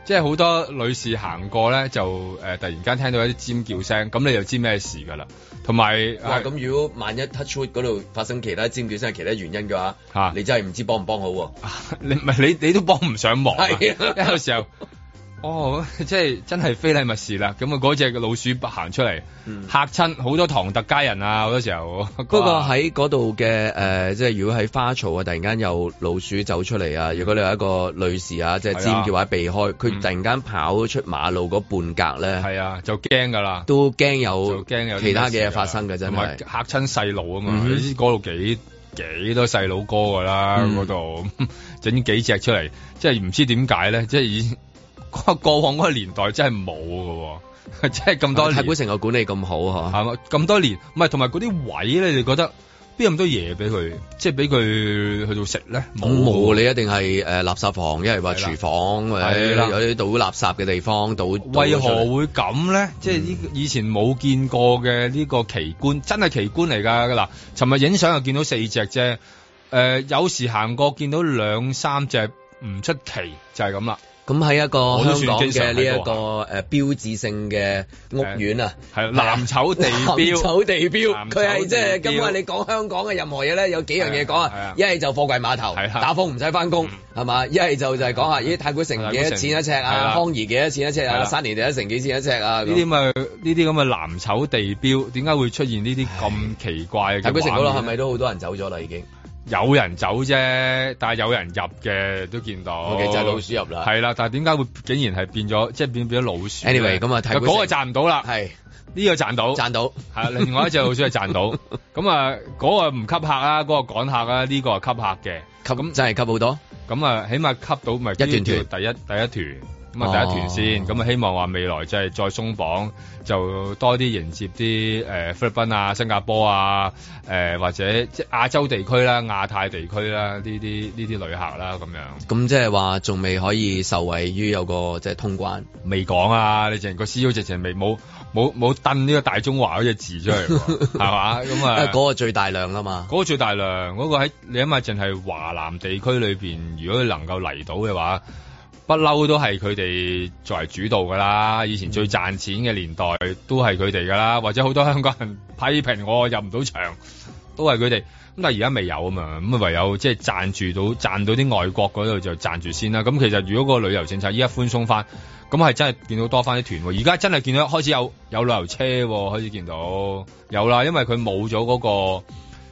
即係好多女士行過咧，就誒、呃、突然間聽到一啲尖叫聲，咁你就知咩事㗎啦。同埋，嗱、啊、咁如果萬一 touch wood 嗰度發生其他尖叫聲，其他原因嘅話，吓、啊、你真係唔知幫唔幫好，啊 你。你唔係你你都幫唔上忙，啊。係 有時候。 哦，即係真係非禮勿視啦！咁啊，嗰隻老鼠行出嚟，吓親好多唐特家人啊！好多時候，不過喺嗰度嘅誒，即係如果喺花槽啊，突然間有老鼠走出嚟啊、嗯！如果你有一個女士啊，即係尖叫話避開，佢、嗯、突然間跑出馬路嗰半格咧，係啊，就驚噶啦，都驚有驚有其他嘅嘢發生㗎，真係吓親細路啊嘛、嗯！你知嗰度幾幾多細佬哥噶啦，嗰度整幾隻出嚟，即係唔知點解咧，即係已。 過往嗰個年代真係冇喎，即係咁多年、啊。太古城嘅管理咁好，吓、啊，係嘛？咁多年，唔係同埋嗰啲位咧，你覺得邊咁多嘢俾佢，即係俾佢去到食咧？冇冇、嗯，你一定係誒、呃、垃圾房，一係話廚房，或者有啲倒垃圾嘅地方倒。為何會咁咧、嗯？即係以前冇見過嘅呢個奇觀，真係奇觀嚟噶嗱。尋日影相又見到四隻啫，誒、呃，有時行過見到兩三隻，唔出奇就係咁啦。咁喺一個香港嘅呢一個標誌性嘅屋苑啊，係藍籌地標。藍籌地標，佢係即係咁話你講香港嘅任何嘢咧，有幾樣嘢講啊？一係就貨櫃碼頭打風唔使翻工係嘛？一、嗯、係就就係講下咦太古城幾多錢一尺啊？康怡幾多錢一尺啊？沙田第一城幾錢一尺啊？呢啲咪呢啲咁嘅藍籌地標點解會出現呢啲咁奇怪？太古城嗰度，係咪都好多人走咗啦、啊、已經？有人走啫，但係有人入嘅都見到我 k、okay, 就老鼠入啦，係啦，但係點解會竟然係變咗，即、就、係、是、變咗老鼠？Anyway 咁啊，睇嗰個賺唔到啦，係、這、呢個賺到，賺到係另外一隻老鼠係賺到，咁啊嗰個唔吸客啊，嗰、那個趕客啊，呢、這個係吸客嘅吸咁真係吸好多，咁啊起碼吸到咪一段段第一,一團團第一團。咁啊，第一團先咁啊，希望話未來再鬆綁，就多啲迎接啲誒、呃、菲律賓啊、新加坡啊、呃、或者即亞洲地區啦、亞太地區啦呢啲呢啲旅客啦咁樣。咁即係話仲未可以受惠於有個即係、即係、通關？未講啊！你成個 CEO 直情未冇冇冇掟呢個大中華嗰隻字出嚟，係 嘛？咁、嗯、啊，嗰個最大量啊嘛。嗰個最大量，嗰個喺你諗下，淨係，華南地區裏邊，如果能夠嚟到嘅話。不嬲都係佢哋作為主導噶啦，以前最賺錢嘅年代都係佢哋噶啦，或者好多香港人批評我入唔到場，都係佢哋。咁但係而家未有啊嘛，咁唯有即係賺住到賺到啲外國嗰度就賺住先啦。咁其實如果個旅遊政策依家寬鬆翻，咁係真係見到多翻啲團喎。而家真係見到開始有有旅遊車、哦，開始見到有啦，因為佢冇咗嗰個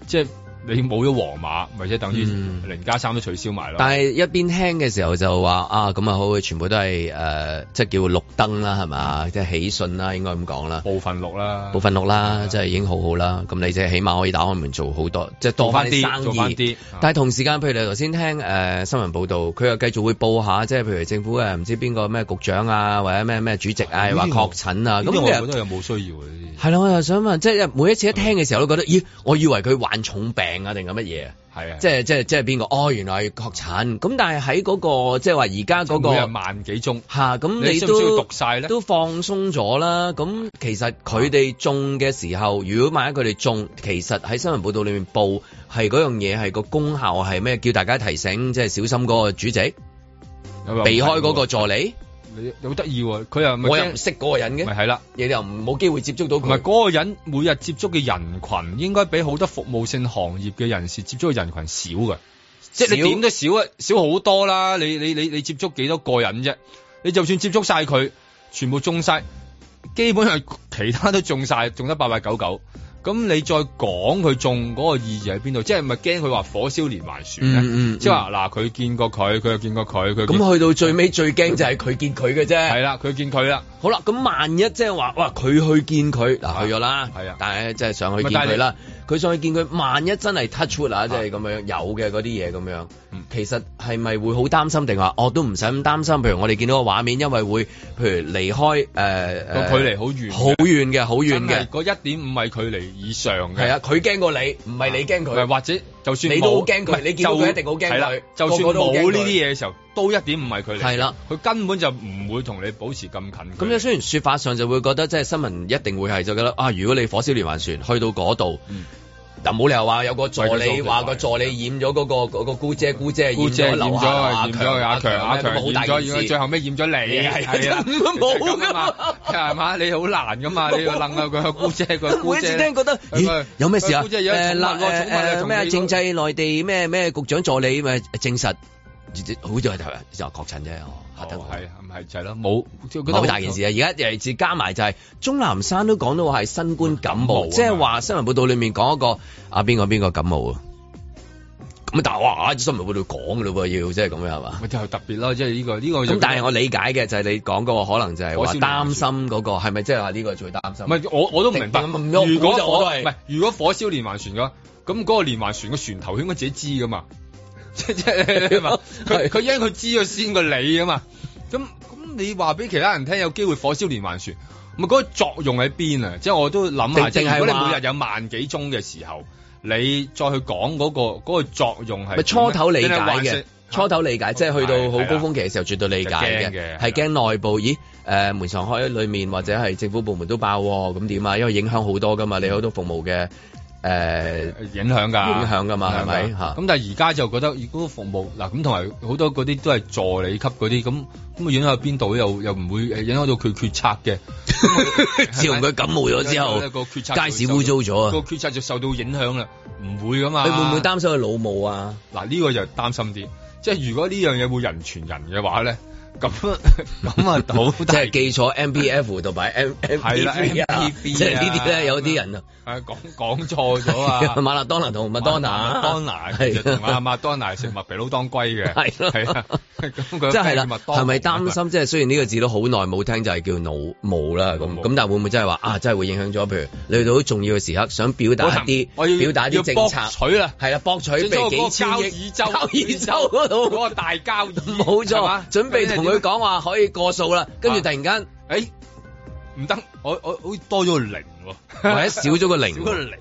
即。就是你冇咗皇馬，或者等於零加三都取消埋咯、嗯。但係一邊聽嘅時候就話啊，咁啊好，全部都係、呃、即係叫綠燈啦，係嘛，即係喜訊啦，應該咁講啦。部分綠啦，部分綠啦，即係已經好好啦。咁你即係起碼可以打開門做好多，即係多翻啲生意。但係同時間，譬如你頭先聽誒、呃、新聞報導，佢又繼續會報下，即係譬如政府誒唔知邊個咩局長啊，或者咩咩主席啊，話、哎、確診啊。咁我覺得又冇需要係啦，我又想問，即係每一次一聽嘅時候都覺得，咦，我以為佢患重病。定定係乜嘢啊？係啊，即係即係即係邊個？哦，原來係確診咁，但係喺嗰個即係話而家嗰個、就是、萬幾宗吓，咁、啊、你都要讀晒咧？都放鬆咗啦。咁其實佢哋中嘅時候，如果萬一佢哋中其實喺新聞報道裏面報係嗰樣嘢，係個，個功效係咩？叫大家提醒，即、就、係、是、小心嗰個主席避開嗰個助理。你，你好得意喎，佢又我又唔識嗰個人嘅，咪係啦，你又冇機會接觸到佢。唔係，嗰個人每日接觸嘅人群應該比好多服務性行業嘅人士接觸嘅人群少嘅，即係你點都少啊，少好多啦！你你你你接觸幾多個人啫？你就算接觸曬佢，全部中曬，基本上其他都中曬，中得八八九九。咁你再講佢中嗰個意義喺邊度？即係咪驚佢話火燒連環船嘅、嗯嗯？即係話嗱，佢、嗯、見過佢，佢又見過佢，佢咁去到最尾、嗯、最驚就係佢見佢嘅啫。係啦，佢見佢啦。好啦，咁萬一即係話哇，佢去見佢嗱、啊，去咗啦。係啊，但係真係即係上去見佢啦。佢上去見佢，萬一真係 touch wood 啦、即係、啊，即係咁樣有嘅嗰啲嘢咁樣，其實係咪會好擔心定話我都唔使咁擔心。譬如我哋見到個畫面，因為會譬如離開、呃、距離好遠，好遠嘅，好遠嘅嗰一點五米距離。以上嘅係啊，佢驚過你，唔係你驚佢，或者就算你都好驚佢，你見佢一定好驚佢。就算我冇呢啲嘢嘅時候，都一點唔係佢嚟。係啦、啊，佢根本就唔會同你保持咁近。咁樣雖然說法上就會覺得，即係新聞一定會係就覺得啊，如果你火燒連環船去到嗰度。嗯嗱，冇理由話有個助理話個助理染咗嗰個嗰個姑姐，姑姐染咗阿強，阿強，阿強冇大件最後尾染咗你係啊，冇噶，係嘛？你好難噶嘛，你要楞下個姑姐，個姑姐每一次聽覺得，咦，是是有咩事啊？誒，嗱、啊、誒，咩、啊啊、政制內地咩咩局長助理咪證實。好似係就係就係確診啫，嚇得我係唔係就係咯，冇、哦、好大件事啊！而家誒自加埋就係、是、鍾南山都講到話係新冠感冒，即係話新聞報道裏面講一個啊邊個邊個感冒啊！咁但係哇，新聞報道講喇咯，要即係咁樣係嘛？咪就特別咯，即係呢個呢個。這個就是、但係我理解嘅就係你講嗰個可能就係話擔心嗰、那個係咪即係話呢個最擔心？唔係我我都唔明白。如果我唔係如果火燒連環船嘅，咁嗰個連環船嘅船頭應該自己知噶嘛？即即佢佢因佢知佢先個理啊嘛，咁咁你話俾其他人聽有機會火燒連環船，咪、那、嗰個作用喺邊啊？即係我都諗下，即係你每日有萬幾宗嘅時候，你再去講嗰、那個嗰、那個作用係初頭理解嘅，初頭理解，即、啊、係、就是、去到好高峰期嘅時候絕對理解嘅，係驚內部，咦？誒、欸呃，門常開裏面或者係政府部門都爆，咁點啊？因為影響好多噶嘛，你好多服務嘅。誒影響㗎，影響㗎嘛，係咪嚇？咁、嗯、但係而家就覺得如果服務嗱咁，同埋好多嗰啲都係助理級嗰啲，咁咁影響喺邊度？又又唔會影響到佢決策嘅，只係佢感冒咗之後，後個決策街市污糟咗，個決策就受到影響啦。唔會㗎嘛？你會唔會擔心佢老母啊？嗱、啊，呢、呢個就擔心啲，即係如果呢樣嘢會人傳人嘅話咧。咁咁啊，好即係記錯 MPF 同埋 M M B F，即係呢啲咧，啊啊就是，些有啲人啊，講講錯咗啊。馬拉當拿同麥當娜，麥當娜其實同阿麥當娜食麥皮佬當龜嘅，係咯，係啊。咁即真係啦。係咪擔心即係，啊、雖然呢個字都好耐冇聽，就係，是，叫腦霧啦。咁咁但係會唔會真係話啊？真係會影響咗？譬如你去到好重要嘅時刻，想表達一啲，表達啲政策，取啦，係啦，啊，博取畀幾千億，交椅洲嗰度嗰個大交椅，冇錯，準備同佢。佢講話可以過數啦，跟住突然間，誒，唔得，我我好似多咗個零喎，或者少咗個零，個零，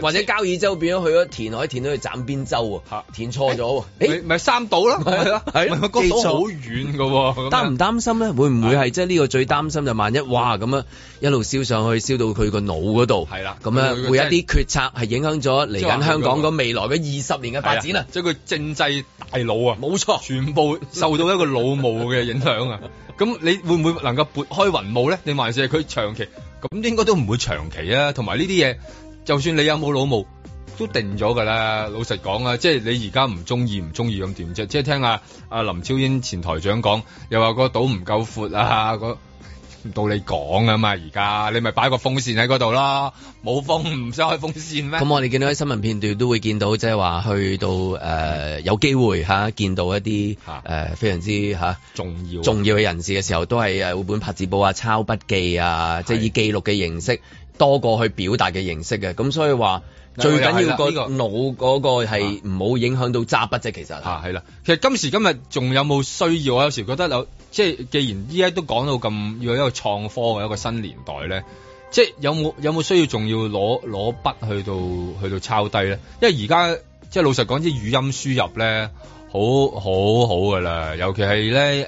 或者交椅洲變咗去咗填海，填到去斬邊洲，填、啊、錯咗，誒、哎、咪、哎、三島啦，係咯、啊，三島好遠嘅、啊啊，擔唔擔心咧？會唔會係即係呢個最擔心就萬一哇咁樣一路燒上去，燒到佢個腦嗰度，係啦、啊，咁、啊、樣會有一啲決策係影響咗嚟緊香港嘅未來嘅二十年嘅發展啊，即係個政制。係腦啊，冇錯，全部受到一個腦霧嘅影響啊！咁 你會唔會能夠撥開雲霧咧？定還是係佢長期咁應該都唔會長期啊！同埋呢啲嘢，就算你有冇腦霧都定咗噶啦。老實講啊，即係你而家唔中意唔中意咁點啫？即係聽啊阿林超英前台長講，又話個島唔夠闊啊，唔到你講啊嘛！而家你咪擺個風扇喺嗰度咯，冇風唔使開風扇咩？咁我哋見到喺新聞片段都會見到，即係話去到誒、呃、有機會吓見到一啲誒、呃、非常之吓、啊、重要重要嘅人士嘅時候，都係誒會本拍紙簿啊、抄筆記啊，即係以記錄嘅形式多過去表達嘅形式嘅。咁所以話。最緊要個腦嗰個係唔好影響到揸筆啫，其實啊，係啦。其實今時今日仲有冇需要？我有時覺得有，即係既然依家都講到咁，要一個創科嘅一個新年代咧，即係有冇有冇需要仲要攞攞筆去到去到抄低咧？因為而家即係老實講，啲語音輸入咧，好好好㗎啦。尤其係咧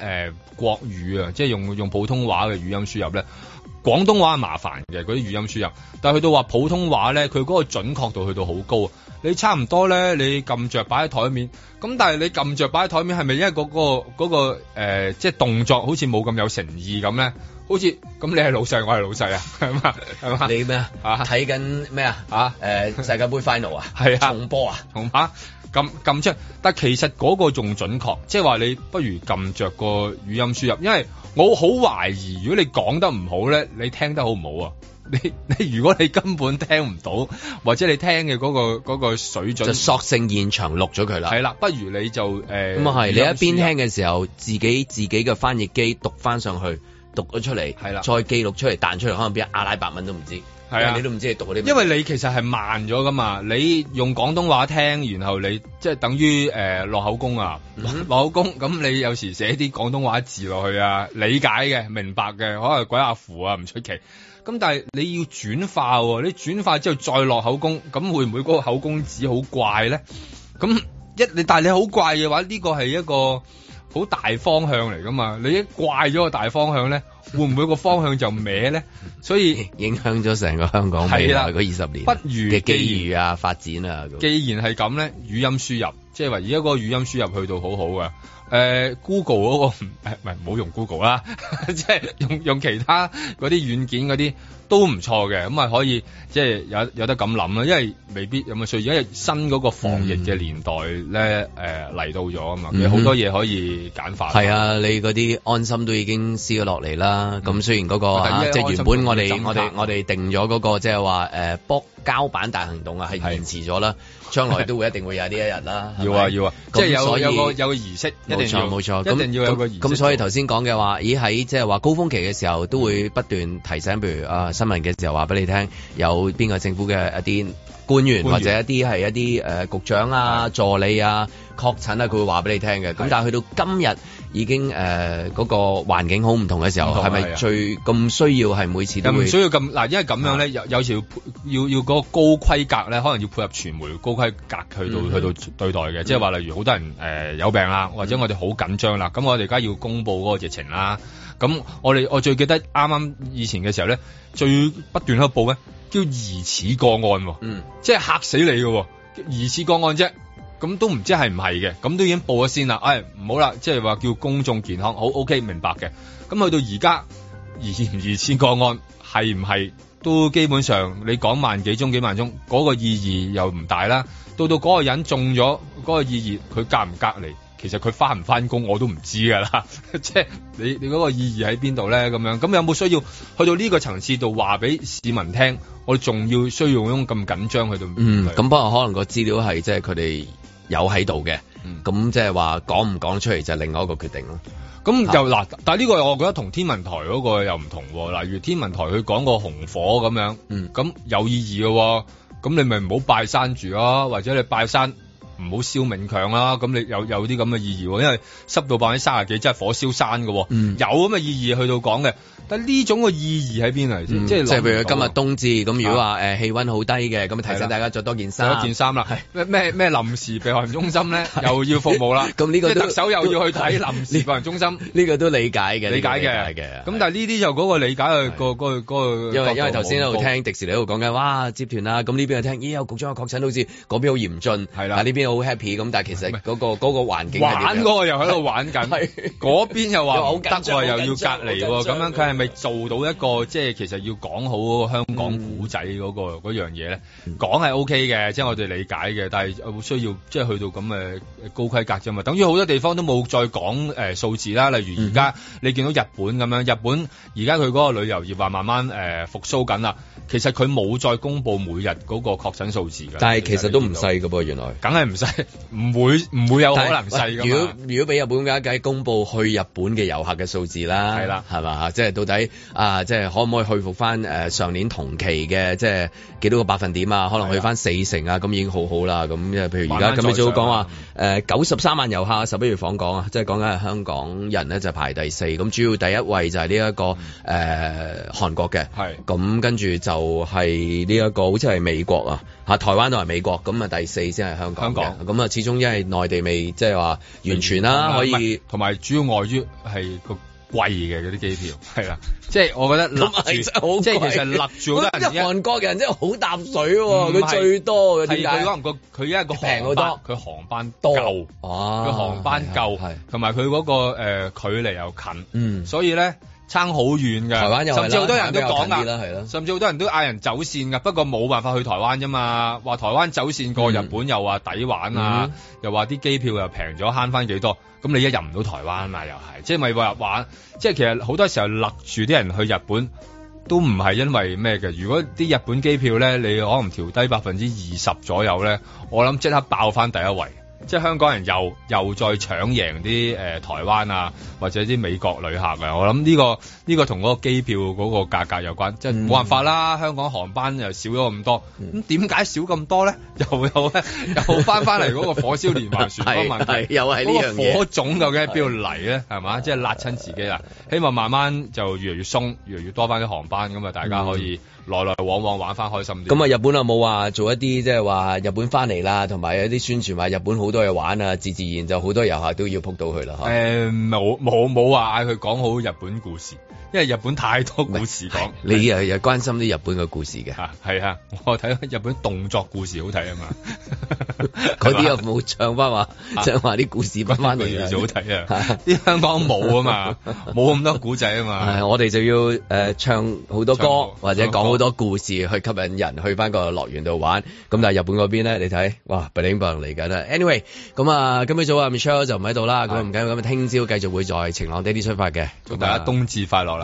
誒國語啊，即係用用普通話嘅語音輸入咧。廣東話係麻煩嘅嗰啲語音輸入，但係去到話普通話咧，佢嗰個準確度去到好高。你差唔多咧，你撳着擺喺台面。咁但係你撳着擺喺台面係咪因為嗰個嗰個呃，即係動作好似冇咁有誠意咁咧？好似咁你係老細，我係老細啊！ 你咩啊？睇緊咩啊？誒、呃、世界盃 final 啊？係啊！重播啊！重、啊、播。撳撳出，但其實嗰個仲準確，即係話你不如撳着個語音輸入，因為我好懷疑，如果你講得唔好咧，你聽得好唔好啊？你你如果你根本聽唔到，或者你聽嘅嗰個嗰個水準，就索性現場錄咗佢啦。係啦，不如你就誒咁啊，係、呃嗯、你一邊聽嘅時候，自己自己嘅翻譯機讀翻上去，讀咗出嚟，係啦，再記錄出嚟，彈出嚟，可能畀阿拉伯文都唔知。係啊！你都唔知你讀啲，因為你其實係慢咗噶嘛。你用廣東話聽，然後你即係等於、呃、落口供啊，嗯、落口供。咁你有時寫啲廣東話字落去啊，理解嘅、明白嘅，可能鬼阿、啊、符啊，唔出奇。咁但係你要轉化喎、哦，你轉化之後再落口供，咁會唔會嗰個口供紙好怪咧？咁一你但係你好怪嘅話，呢、這個係一個好大方向嚟噶嘛。你一怪咗個大方向咧。會唔會個方向就歪咧？ 所以影響咗成個香港未來嗰二十年嘅機遇啊、發展啊。既然係咁咧，語音輸入即係話而家嗰個語音輸入去到好好嘅。誒、呃、Google 嗰、那個誒，唔係唔好用 Google 啦，即 係用用其他嗰啲軟件嗰啲。都唔錯嘅，咁啊可以即係有有得咁諗啦，因為未必咁，所以而家新嗰個防疫嘅年代咧，誒嚟到咗啊嘛，好、呃、多嘢可以簡化。係、嗯、啊，你嗰啲安心都已經撕咗落嚟啦。咁雖然嗰、嗰個，嗯啊個啊、即係原本我哋我哋我哋定咗嗰、嗰個即係話誒。就是說呃膠板大行動啊，係延遲咗啦，將來都會一定會有呢一日啦。要啊要啊，即係有有個有儀式一定，冇錯冇錯，一定要有個儀式。咁所以頭先講嘅話，咦喺即係話高峰期嘅時候都會不斷提醒，譬如啊新聞嘅時候話俾你聽，有邊個政府嘅一啲。啊官員或者一啲係一啲誒、呃、局長啊、助理啊確診啊，佢會話俾你聽嘅。咁但係去到今日已經誒嗰、呃那個環境好唔同嘅時候，係咪最咁需要係每次都？需要咁嗱，因為咁樣咧，有有時要要要嗰個高規格咧，可能要配合傳媒高規格去到、嗯、去到對待嘅，即係話例如好多人誒、呃、有病啦，或者我哋好緊張啦，咁、嗯、我哋而家要公布嗰個疫情啦，咁我哋我最記得啱啱以前嘅時候咧，最不斷喺度報咧。叫疑似個案，嗯，即係嚇死你嘅，疑似個案啫，咁都唔知係唔係嘅，咁都已經報咗先啦，唉，唔好啦，即係話叫公眾健康好，OK，明白嘅，咁去到而家，疑唔疑似個案係唔係都基本上你講萬幾宗幾萬宗，嗰個意義又唔大啦，到到嗰個人中咗嗰個意義，佢隔唔隔離？其實佢翻唔翻工我都唔知噶啦，即 係你你嗰個意義喺邊度咧？咁樣咁有冇需要去到呢個層次度話俾市民聽？我仲要需要用咁緊張去到邊，嗯，咁不過可能個資料係即係佢哋有喺度嘅，咁即係話講唔講出嚟就係另外一個決定咯。咁又嗱，但係呢個我覺得同天文台嗰個又唔同，例如天文台去講個紅火咁樣，咁、嗯、有意義嘅，咁你咪唔好拜山住咯，或者你拜山。唔好燒明強啦，咁你有有啲咁嘅意義喎，因為濕度百分之三十幾，真係火燒山嘅、嗯，有咁嘅意義去到講嘅。但呢種嘅意義喺邊嚟先？即係譬如今日冬至，咁如果話誒、啊、氣温好低嘅，咁提醒大家着多件衫。著多件衫啦，咩咩咩臨時避寒中心咧， 又要服務啦。咁 呢個特首又要去睇臨時避寒中心，呢 個都理解嘅，理解嘅。咁、這個、但係呢啲就嗰個理解去過、那個那個、因為因為頭先喺度聽迪士尼喺度講緊，哇接團啊，咁呢邊又聽，咦、哎、有局長有確診都，好似嗰邊好嚴峻，係啦，呢邊。好 happy 咁，但係其實、嗰個、嗰個環境玩嗰個又喺度玩緊，嗰邊又話好得又要隔離，喎，咁樣佢係咪做到一個、嗯、即係其實要講好香港古仔、嗰個嗰樣嘢咧？講、嗯、係 OK 嘅，即、就、係、是、我哋理解嘅，但係需要即係、就是、去到咁嘅高規格啫嘛。等於好多地方都冇再講誒、呃、數字啦。例如而家、嗯、你見到日本咁樣，日本而家佢個旅遊業話慢慢誒、呃、復甦緊啦。其實佢冇再公布每日個確診數字㗎。但係其實都唔細嘅噃，原來，梗係。唔會唔會唔會有可能，如果如果俾日本家計公佈去日本嘅遊客嘅數字啦，係啦，係嘛，即係到底啊、呃，即係可唔可以去復翻上年同期嘅即係幾多個百分點啊？可能去翻四成啊，咁已經好好啦。咁譬如而家咁，軟軟你早講講話九十三萬遊客十一月訪港啊？即係講緊係香港人呢，就是、排第四，咁主要第一位就係呢一個誒韓、嗯呃、國嘅，係咁跟住就係呢一個好似係美國啊，台灣都係美國，咁啊第四先係香，香港。咁、嗯、啊，始終因為內地未即係話完全啦、啊嗯嗯，可以同埋主要礙於係個貴嘅嗰啲機票，啦，即係我覺得立，立，立即係其實立住都係韓國人真、啊，真係好淡水喎，佢最多，係佢可能個佢一個平好多，佢航班航多，佢航班夠，同埋佢嗰個誒、呃、距離又近，嗯，所以咧。差好遠㗎，甚至好多人都講啦，甚至好多人都嗌人，人走線㗎。不過冇辦法去台灣啫嘛，話台灣走線過、嗯、日本又話抵玩啊、嗯，又話啲機票又平咗，慳翻幾多。咁你一入唔到台灣嘛，又係，即係咪話玩？即係其實好多時候勒住啲人去日本都唔係因為咩嘅。如果啲日本機票咧，你可能調低百分之二十左右咧，我諗即刻爆翻第一位。即係香港人又又再搶贏啲誒、呃、台灣啊，或者啲美國旅客嘅，我諗呢、這個呢、這個同嗰個機票嗰個價格有關，即係冇辦法啦、嗯。香港航班又少咗咁多，咁點解少咁多咧？又好咧，又翻翻嚟嗰個火燒 連環船班問題，又係、那個、呢樣嘢。火種究竟喺邊度嚟咧？係嘛，即係焫親自己啦。希望慢慢就越嚟越鬆，越嚟越多翻啲航班咁啊，大家可以、嗯。來來往往玩翻開心啲，咁啊，日本有冇話做一啲，即係話日本翻嚟啦，同埋有啲宣傳話日本好多嘢玩啊，自自然就好多遊客都要撲到佢啦吓。誒、嗯，冇冇冇話嗌佢講好日本故事。因為日本太多故事講，你又又關心啲日本嘅故事嘅，係啊，啊，我睇日本動作故事好睇啊嘛，嗰 啲又冇唱翻話，即、啊、係話啲故事翻翻嚟，越好睇 啊！啲香港冇啊嘛，冇咁多古仔啊嘛，我哋就要誒唱好多歌或者講好多故事、啊呃、多多故事去吸引人去翻個樂園度玩。咁、嗯、但係日本嗰邊咧，你睇哇，bling bling 嚟緊啦。Anyway，咁啊，今日早啊 Michelle 就唔喺度啦，咁唔緊要，咁啊聽朝繼續會在晴朗 d 啲出發嘅，祝大家冬至快樂啦！